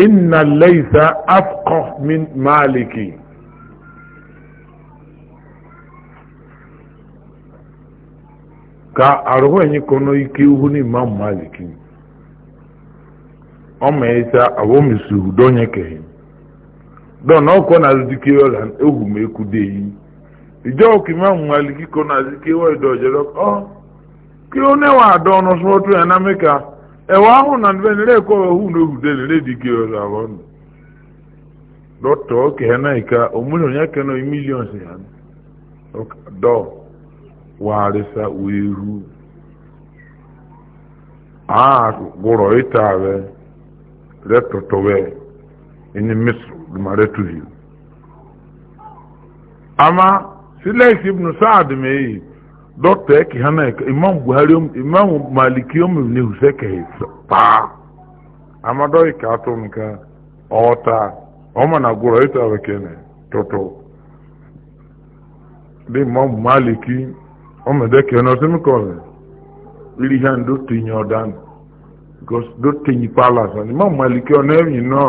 inna leisa afqah min maliki ka arhon kono iki uhuni imam maliki ọmọ ẹ̀ta àwọn mùsùlùmí dọ́nyẹ̀kẹ̀ yìí dọ́nà ọkọ̀ náà ló ìjọ òkè máa mú alìkí kan náà sí kí wọ́n ìdọ̀ ọ̀jẹ̀dọ̀ kí ó àdọ́ ọ̀nà ẹ̀ mẹ́ka ẹ̀wọ̀ ahùn náà nílé ẹ̀kọ́ ọ̀hún ní òhùn délé lédi kí ọ̀rọ̀ dọ́tọ̀ ọ̀kẹ́ ẹ̀ náà ìka òmùlò yẹn kẹ́ náà mílíọ̀n sí yàn dọ́ ìta rẹ̀ ama silas ibn saad meyi dɔkta eki hana eka imam buhari imam maliki omi ne huse kehi paa amadɔ ika ato nka ɔɔta ɔma na agorɔ eto abe kene toto de imam maliki ɔma de kene ɔsɛmi kɔle iri han do tinyi ɔdan because do tinyi palace imam maliki ɔna enyi nɔ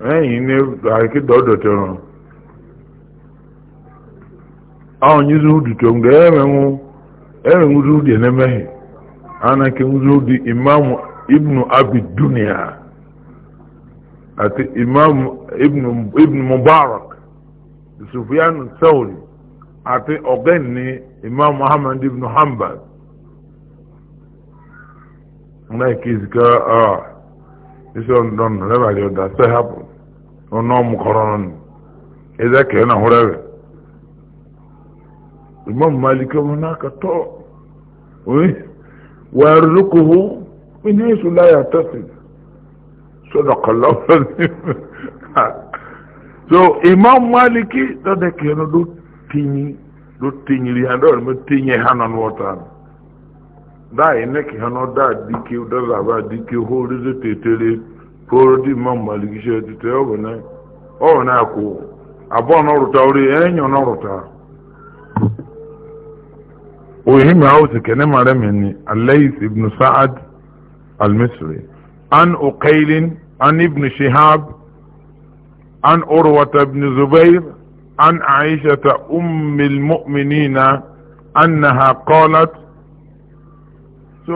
ɛyin ne ake dɔdɔ tɛ no. ahụ nyizi ụdị tong da ewenwu ewenwuzi ụdị enemeghi ana ke nwuzi ụdị imam ibn abi dunia ati imam ibn ibnu mubarak sufyan sauri ati ogen ni imam muhammad ibn hanbal na kizika a isi ọdọ nọ lẹbàlẹ ọdọ sẹ hapụ ọnà ọmụkọrọ nọ ẹzẹ kẹrin ahụrẹ rẹ imam malik ọmọ náà kàtọ́ wà á rúkúhù mí ní èso láyà tẹ́sí sọ́dọ̀ kọ̀lọ́ so imam malik dọ́dẹ̀ kìíní ló tìnyí ló tìnyí rí hàn dọ́dẹ̀ mọ́ tìnyí hàn nínú ọ̀tá dáì nẹ́kì hàn náà dáà díkì dọ́dẹ̀ àbá díkì hóorí imam malik ṣe tètè ọ̀bùn وهم عاوز كلام على مني الليس ابن سعد المصري عن أقيل عن ابن شهاب عن أروة بن زبير عن عائشة أم المؤمنين أنها قالت so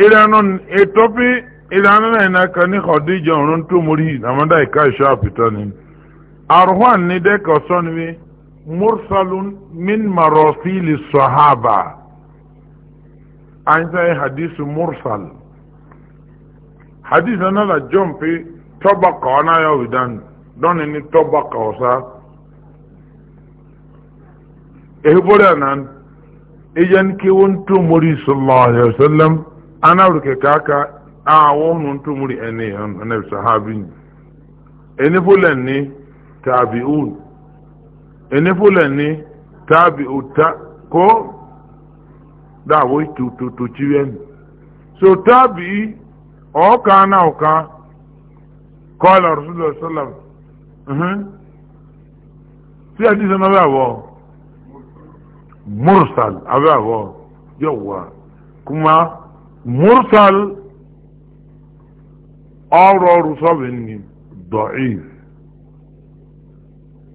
إلانون إتوبي إلانون أنا كني خديجة ونتو مريد أما دا إكاشا بتانين أروان نديك وصنوي mursalun min marasili sahaba an sai hadisu mursal hadisa na da jompi tobaka ona ya widan don ni tobaka osa ehibore nan ijan kiwon tumuri sallallahu alaihi wasallam ana rike kaka a wonun tumuri ene han anabi sahabin eni fulan ni tabi'un ene fulani tabi uta ko da wo tu tu tu chiwen so tabi o ka na o ka qala rasulullah sallam mhm ti adi sama ba wo mursal aba wo yawa kuma mursal ọrụ ọrụ sọbin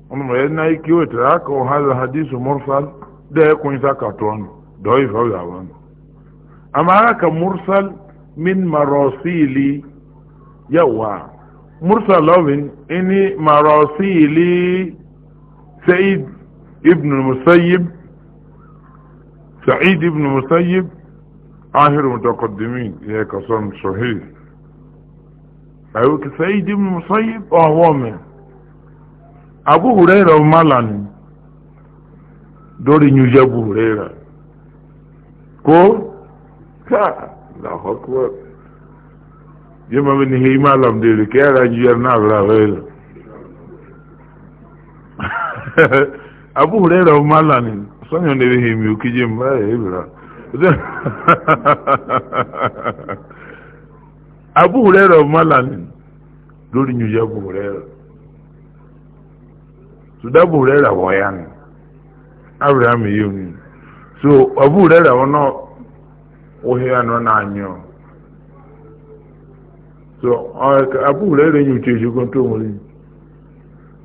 wani mai na yi kiwo ta haka wa hada hadisu mursal dẹ́ ya kun sa katuwan da wai fa da wani amma haka mursal min marasili wà mursal lovin ini marasili sa'id ibn musayyib sa'id ibn musayyib آخر متقدمين يا كصام صحيح أيوك سعيد بن مصيب وهو منه abu huraira malami dori nyuje abu huraira ko ka la hokwa yema bin hi malam de ke ra nyuje na ra wela abu huraira malami sanyo ne hi mi ukije mba ibra abu huraira malami dori nyuje abu huraira so that bụ rera wọ ya ni abụrụ so abu bụ rera wọ nọ ohe ya nọ n'anyọ so abu rera enyi uche ojukwu ntọ onwere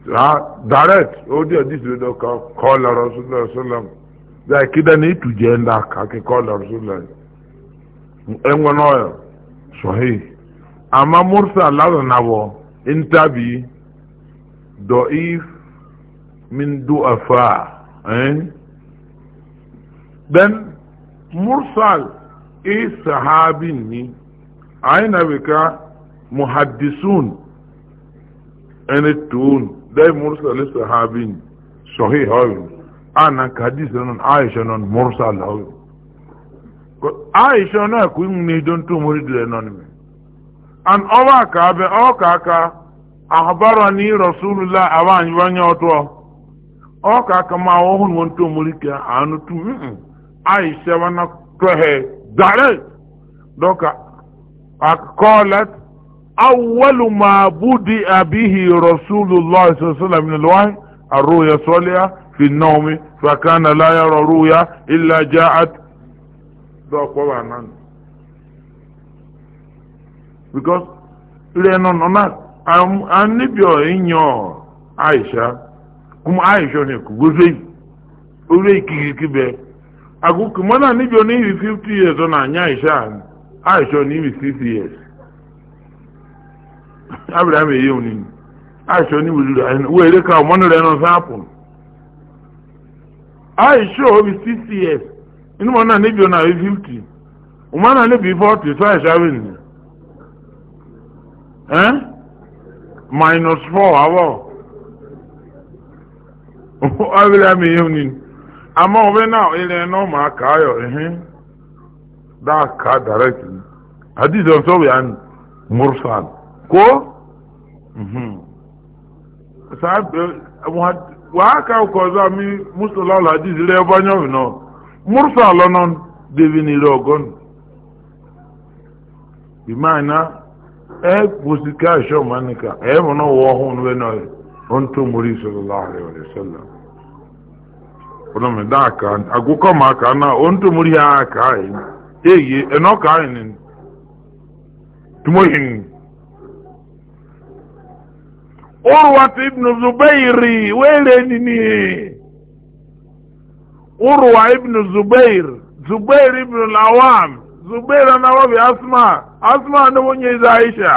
so ha direct odi ọdịsị odo call kọla rọsụlọ sụlọ ya kida na ituje ndị aka ka kọla rọsụlọ enwe n'ọya sọhị ama mursa ladọ na wọ intabi dọ if min du'afa eh? then mursal is sahabin ni aina bika muhaddisun ene tun dai mursal is sahabin sahih hawi ana hadis nan aisha nan mursal hawi aisha na don tu murid nan me owa ka be o ka ọka kama ọhụrụ wọn omori ka àánú tu ayi sẹwọn na tọhẹ dàrẹ dọka akọọlẹt awalu ma budi abihi rasulillah sallam ni lọ́wọ́ arúyà sọ́lẹ́yà fi nọ́ọ̀mi fakana láyà rọrùyà ilà jaat dọ́kọ̀ wà nánu. because ilẹ̀ nọ nọ náà àníbi ọ̀ aisha. kuma aisha ne ku gozai ure kiki be agu kuma na ni joni 50 years ona nya aisha aisha ni 60 years abraham e yoni aisha ni wulu ayin we re ka mo re no sapun aisha o 60 years inu mo na ni jona 50 uma na ni bi 40 so aisha win eh minus 4 awo ọbịla m ihe nri ama ọbịa na na ụmụaka ayọ ihe daka direct ọsọ mhm. eh, e e bụ ya mursal ko wàá ká ọkọ̀ ọ̀zọ́ mi mùsùlùmí alhadith ilé ẹbọ anyọ́wì náà mursal lọ́nà débi ebe ohun tó mórí sọlọ́lá rẹ̀ ọ̀rẹ́ sọ́lá ọlọ́mọdé àká àgùkọ́ ma àká na ohun tó mórí àká yìí èyí ẹ̀nà ọ̀ká yìí ni túmọ̀ urwat ibn zubairi wẹ́rẹ́ nìní urwa ibn zubair zubair ibn lawam zubair anáwọ́ bí asma asma ni wọ́n aisha.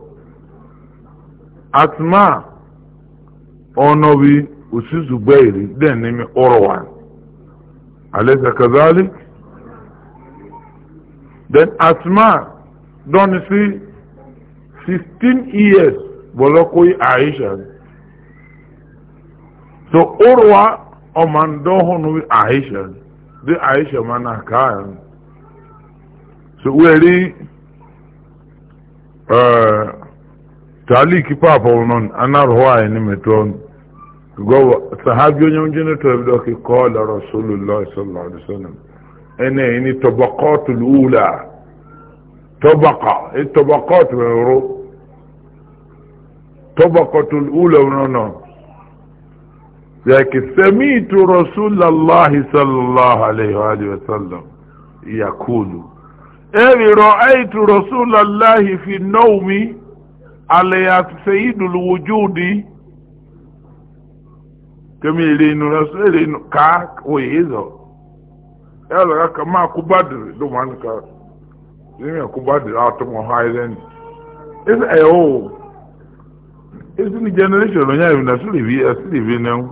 asma onobi usuzu iri den nimi urwan alaysa kazali then asma don 15 years bolokoi aisha so urwa oman dohonu aisha dị aisha mana kayan so weri uh, taliki papo non anar huwaye ni meton go sahabi onye onjene to ebido ki kola rasulullah sallallahu alaihi wasallam ene ini tabaqatul ula tabaqa e tabaqat wero tabaqatul ula nono yake samitu rasulullah sallallahu alaihi wasallam yakulu ewi ra'aytu rasulallahi fi nawmi alị asụsụ edulu ụjọ ụdị kemgbe ịlị ịnụ na sọ ịzọ eh, ya ga maa akụ badri dị mụ anị ka emi akụ badri atụ mụ ha ịzụ ịnị ịzụ ịhụ esi n'ijenreshọn onye na m na siri bi siri bi na nwụ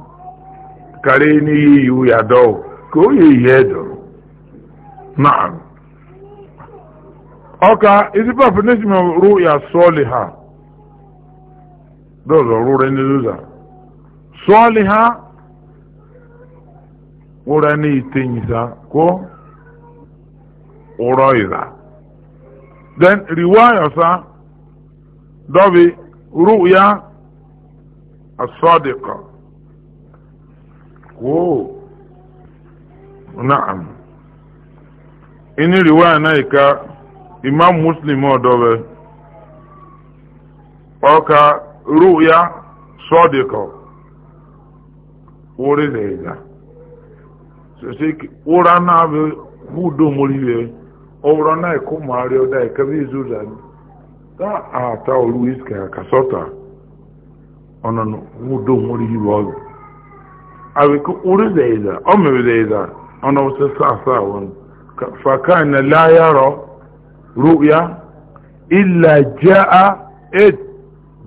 karị n'iyi nwụnya dọọ ka oyi ehi edo na ọka isbapụ n'esimu ruo ya sọọli ha. dọ́ọ̀lù ọ̀rọ̀ rẹ̀ ní ha wúra ní ìtẹ̀yìnsá kó den ìlà then riwayọ̀sá uh, dọ́bi ya asọ́dìkọ̀ kó na'am ini na náà ka imam muslim ọ̀dọ́bẹ̀ ọka. ruya sodiko wuri ụrị ila so sai wura na bi hudu muribe ọwụrụ na ikú mari ọdá ìkẹbí ìzúzà ní tá àtà olú iskẹ àkàsọta ọ̀nà illa ja'a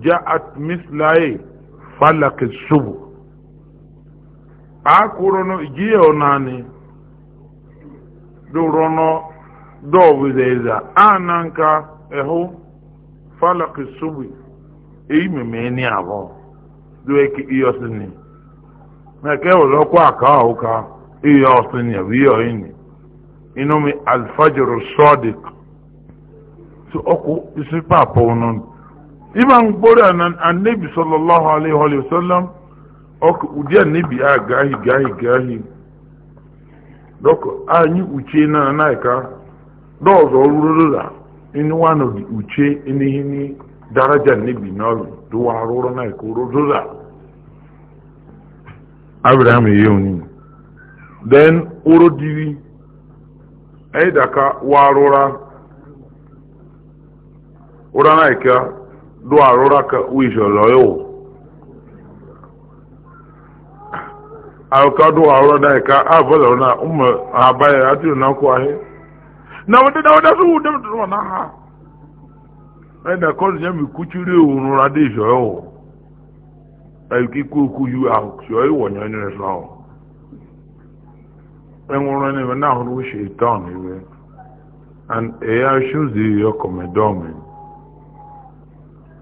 ja'at mislaye falaki subu a kwuru no jiya onani duru no dobu zaiza a nan ka ehu falaki subu eyi meme ni abo do iyo sini na ke wo lokwa ka o ka iyo sini abi iyo ini inu mi alfajr sadiq so oku isi papa onon iman gbora nan annabi sallallahu alaihi wa sallam ok udi annabi a gahi gahi gahi doko anyị uche na naika dozo rurura ini wano di uche ini hini daraja annabi na duwa ruru naika rurura abraham yoni then oro diwi ai daka warura ora naika do arora ka wisho loyo ayoka do arora da ka avola na umma abaya atu na ko ahe na wode na wode su de do na ha ai na ko je mi kuchiri unu ra de jo yo ai ki ku ku yu a so ai wonya ni re so enwuru ni na huru shaitan iwe and eya shuzi yo komedome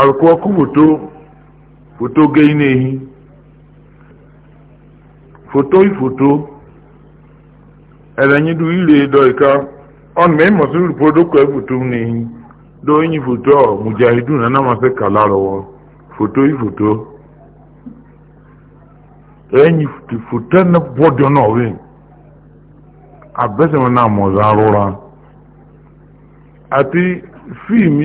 arụkọ ọkụ foto foto gei n'ehi foto ifoto ẹlẹnyidu ile dọika ọnà mẹ́rin mọ̀sílù pọ́dọ́kọ̀ ẹ̀fọ́tò n'ehi dọ́yìn foto mujahidu nana masẹ́ kàlá rọwọ́ foto ifoto ẹ̀yìn foto ẹ̀nà bọ́dọ̀ náà wẹ̀ abẹ́sẹ̀ wọn náà mọ̀ọ́sán rọra àti fíìmù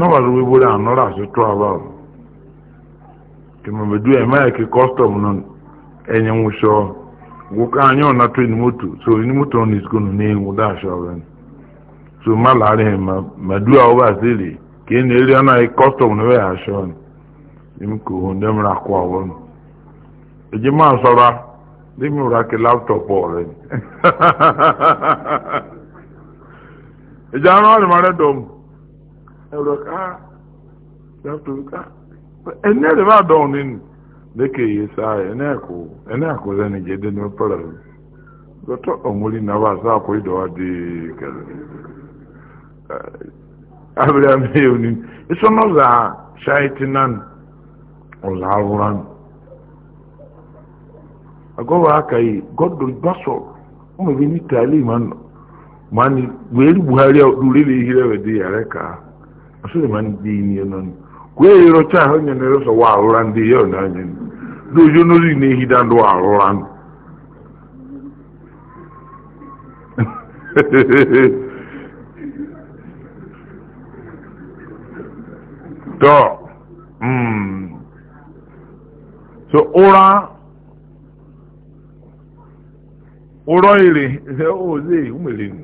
nọmba ló wíwó rẹ àná rà sí twelve hours tìmọ̀mẹ́dù ẹ̀ máa kí custom náà ẹ̀yẹ̀ ń sọ so ẹni mọ́tò ọ̀nà ìsìkò nù ní ìwọ̀n dá so ma láàrin ẹ̀ má mẹ́dù àwọn bá sí rè kí ẹni eré náà ẹ̀ custom náà wẹ̀ aṣọ ni ẹni kò hùn dẹ́mi rà kó àwọn nù ẹ̀jẹ̀ máa sọ̀ra dẹ́mi rà kí laptop roka ya tuka ene de ba don ni de ke yesa ene ko ene ko ze ni jede no pala do to omuli na ba sa ko ido adi ke abra me yoni iso aka yi goddo baso umu bi ni ma man ni weri buhari a dure le hire di yare ka suleiman diini yẹn nani kò na rọ tí a hàn yẹn so ụra ụrọ ire ihe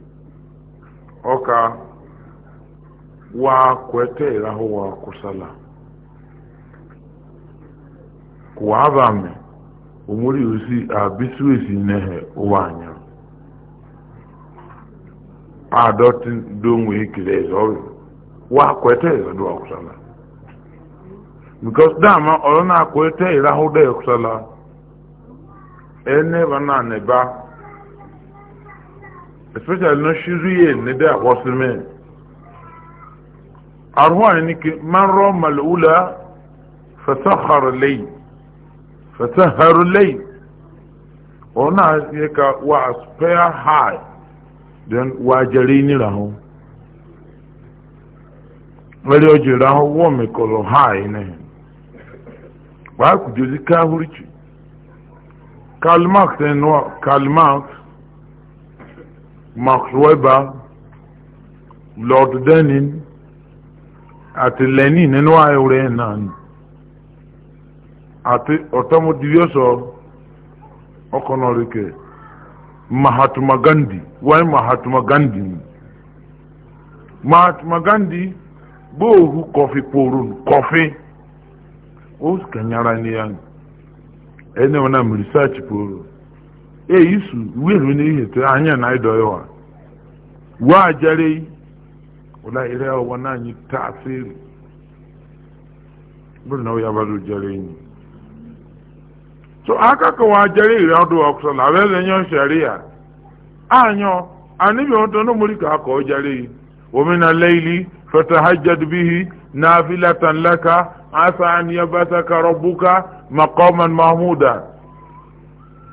ọka wa kwete irahụ wa kwụsala kwa abami omori osi abisu esi nehe ụwa anya adọtị donwe ekele eze ọrụ wa kwete irahụ wa kwụsala because dama ọrụ na-akwete irahụ da kwụsala ene ba na-aneba especially no shizu ye ne da wasme arwa ni ki man ro malula fasakhar lay fasahar lay ona ye ka wa aspire high then wa jari ni raho wali oje raho wo me kolo high ne wa ku jozi ka hurichi Karl Marx, Karl Marx Max Weber, Lord Denning àti Lenin nínú àìrẹ́ náà ni àti ọ̀tọ́mọdìyọ́sọ ọkọ̀nọ̀rìkẹ̀ Mahatma Gandhi wáyé Mahatma Gandhi ni Mahatma Gandhi gbóòhù kọfí pòrò kọfí ó sì kẹnyàrá ni ya ẹni wọn náà mi pòrò. eyi su wiru ihe te anya na ịdọ a wa wa jere ụla ire ọwa na anyị taa siri bụrụ na ọ ya bado jere enyi so aka ka wa jere ire ọdụ ọkụsọ na abịa enye nsari ya anyọ anibi ọdọ na mmiri ka aka ọ na omena leili fatahajjad bihi nafilatan laka asa an yabasaka rabbuka maqaman mahmuda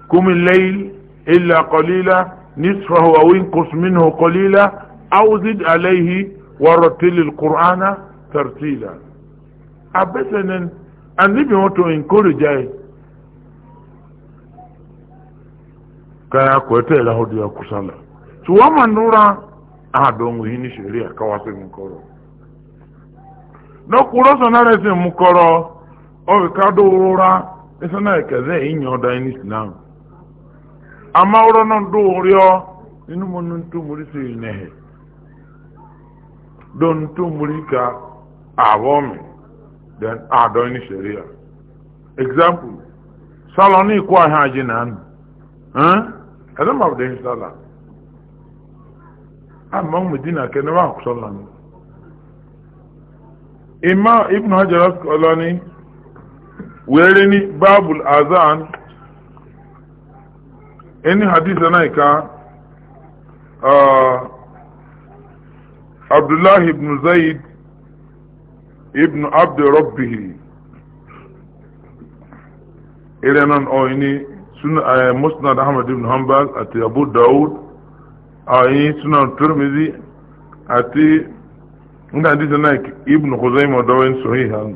قم الليل إلا قليلا نصفه أو انقص منه قليلا أو زد عليه ورتل القرآن ترتيلا أبسنا النبي موتو انكوري جاي kaya ila hodi ya kusala tuwama nura adongu hini sheria kawase mkoro no kurosa narese mkoro owe kadurura isa na ekeze inyoda in islam amawuro no nduhuryo inumu ntumuri sinehe don ntumuri ka abomi then adon sharia example saloni kwa haji nan eh adam mabde sala amma medina kana wa sallan imma ibn were ni babul azan إني حديث نايكا آه عبد الله بن زيد ابن عبد ربه إلينا أويني سنة مسند أحمد بن حنبال أتي أبو داود أي سنة الترمذي أتي إن حديث نايك ابن خزيمة دوين صحيحا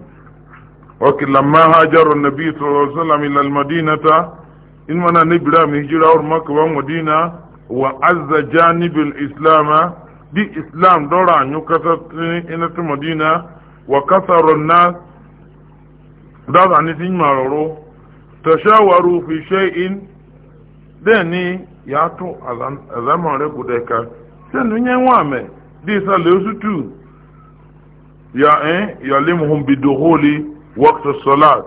لما هاجر النبي صلى الله عليه وسلم إلى المدينة in mana ne bira mai hijira wa maka wa madina wa azza janibul islam di islam dora nyu kasa ina ta madina wa kasarun nas da za ni tin maroro tashawaru fi shay'in deni ya to azaman re gudeka sanu nyen wa me di sa le osutu ya eh yalimuhum bidukhuli waqt as-salat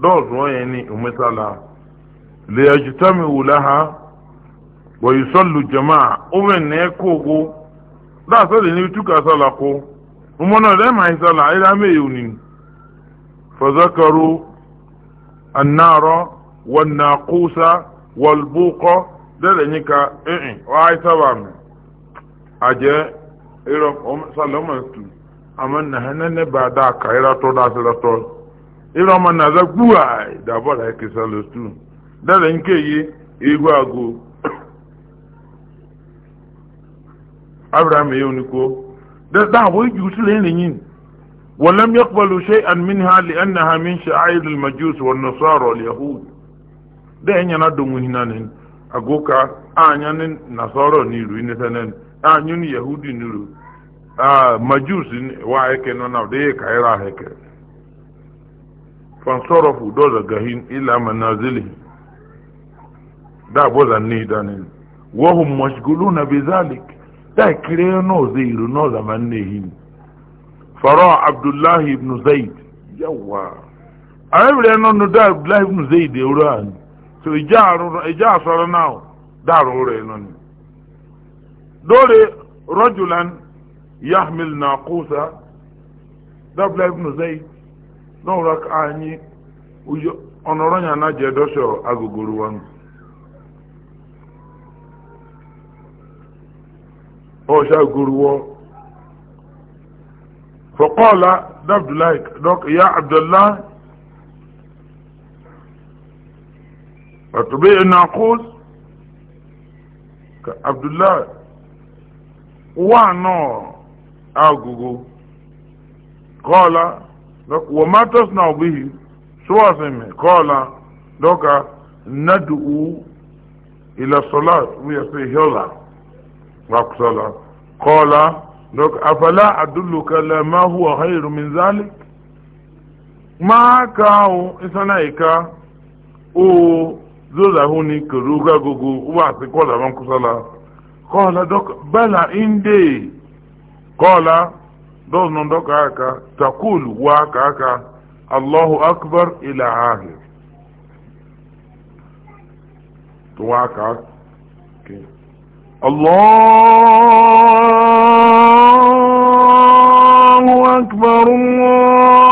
dozo yani umetala liyajtami'u ha wa yusallu jama'a umen ne kogo da sali ni tuka sala ko umona na mai um, sala ila me yuni fa zakaru annara wan naqusa wal buqa da da nika eh eh wa ai sabam aje iro um sallama tu aman na hanane ba da kaira to da sala to iro na da ndị agha nke ya egwu agụ abụrụ amị ewu n'ikwu dị daa wee jụrụ sịrị na ị na-eyin wọn na mmịakwubalụ shee anụnụmị nha lee ịn na hameesha aịdịl majuus ndị nọọsọ arọ yaahu ndị enyo anya n'adọmọchi naanị agụka a anya na nasọrọ na ilhuyen n'efere na-enye anyị anyị nụ yaahu dị nroo aa majuus wa ha ke nọ na ụdịrị karịrị ha ke fonsorafu dọdụ gahi ndị amị na da boza ni danin wahum mashguluna bizalik da kire no zairu no zaman ne hin abdullahi ibn zaid yawa ayre no no da abdullahi ibn zaid euran so ijaru ijasara now da rore no ni dole rajulan yahmil na da abdullahi ibn zaid no rak anyi ujo na je dosho wangu ọ̀ṣà gúrúwọ́ fọ́kọ́ọ̀lá dábdùláì dọ́k ìyá abdullá àtúbí ìnàkús ka agogo kọ́ọ̀lá dọ́k na mátọ́s náà bíi sọ́wọ́sẹ̀mẹ̀ kọ́ọ̀lá dọ́ka nadu ila salat akusala kola dok afala adulluka ma huwa khairu min zalik ma kawo isana ika o zoza huni agugu gogo uba si kola ban kusala kola dok bala inde kola dos non dok aka takul wa aka aka allahu akbar ila ahir to wa aka الله أكبر الله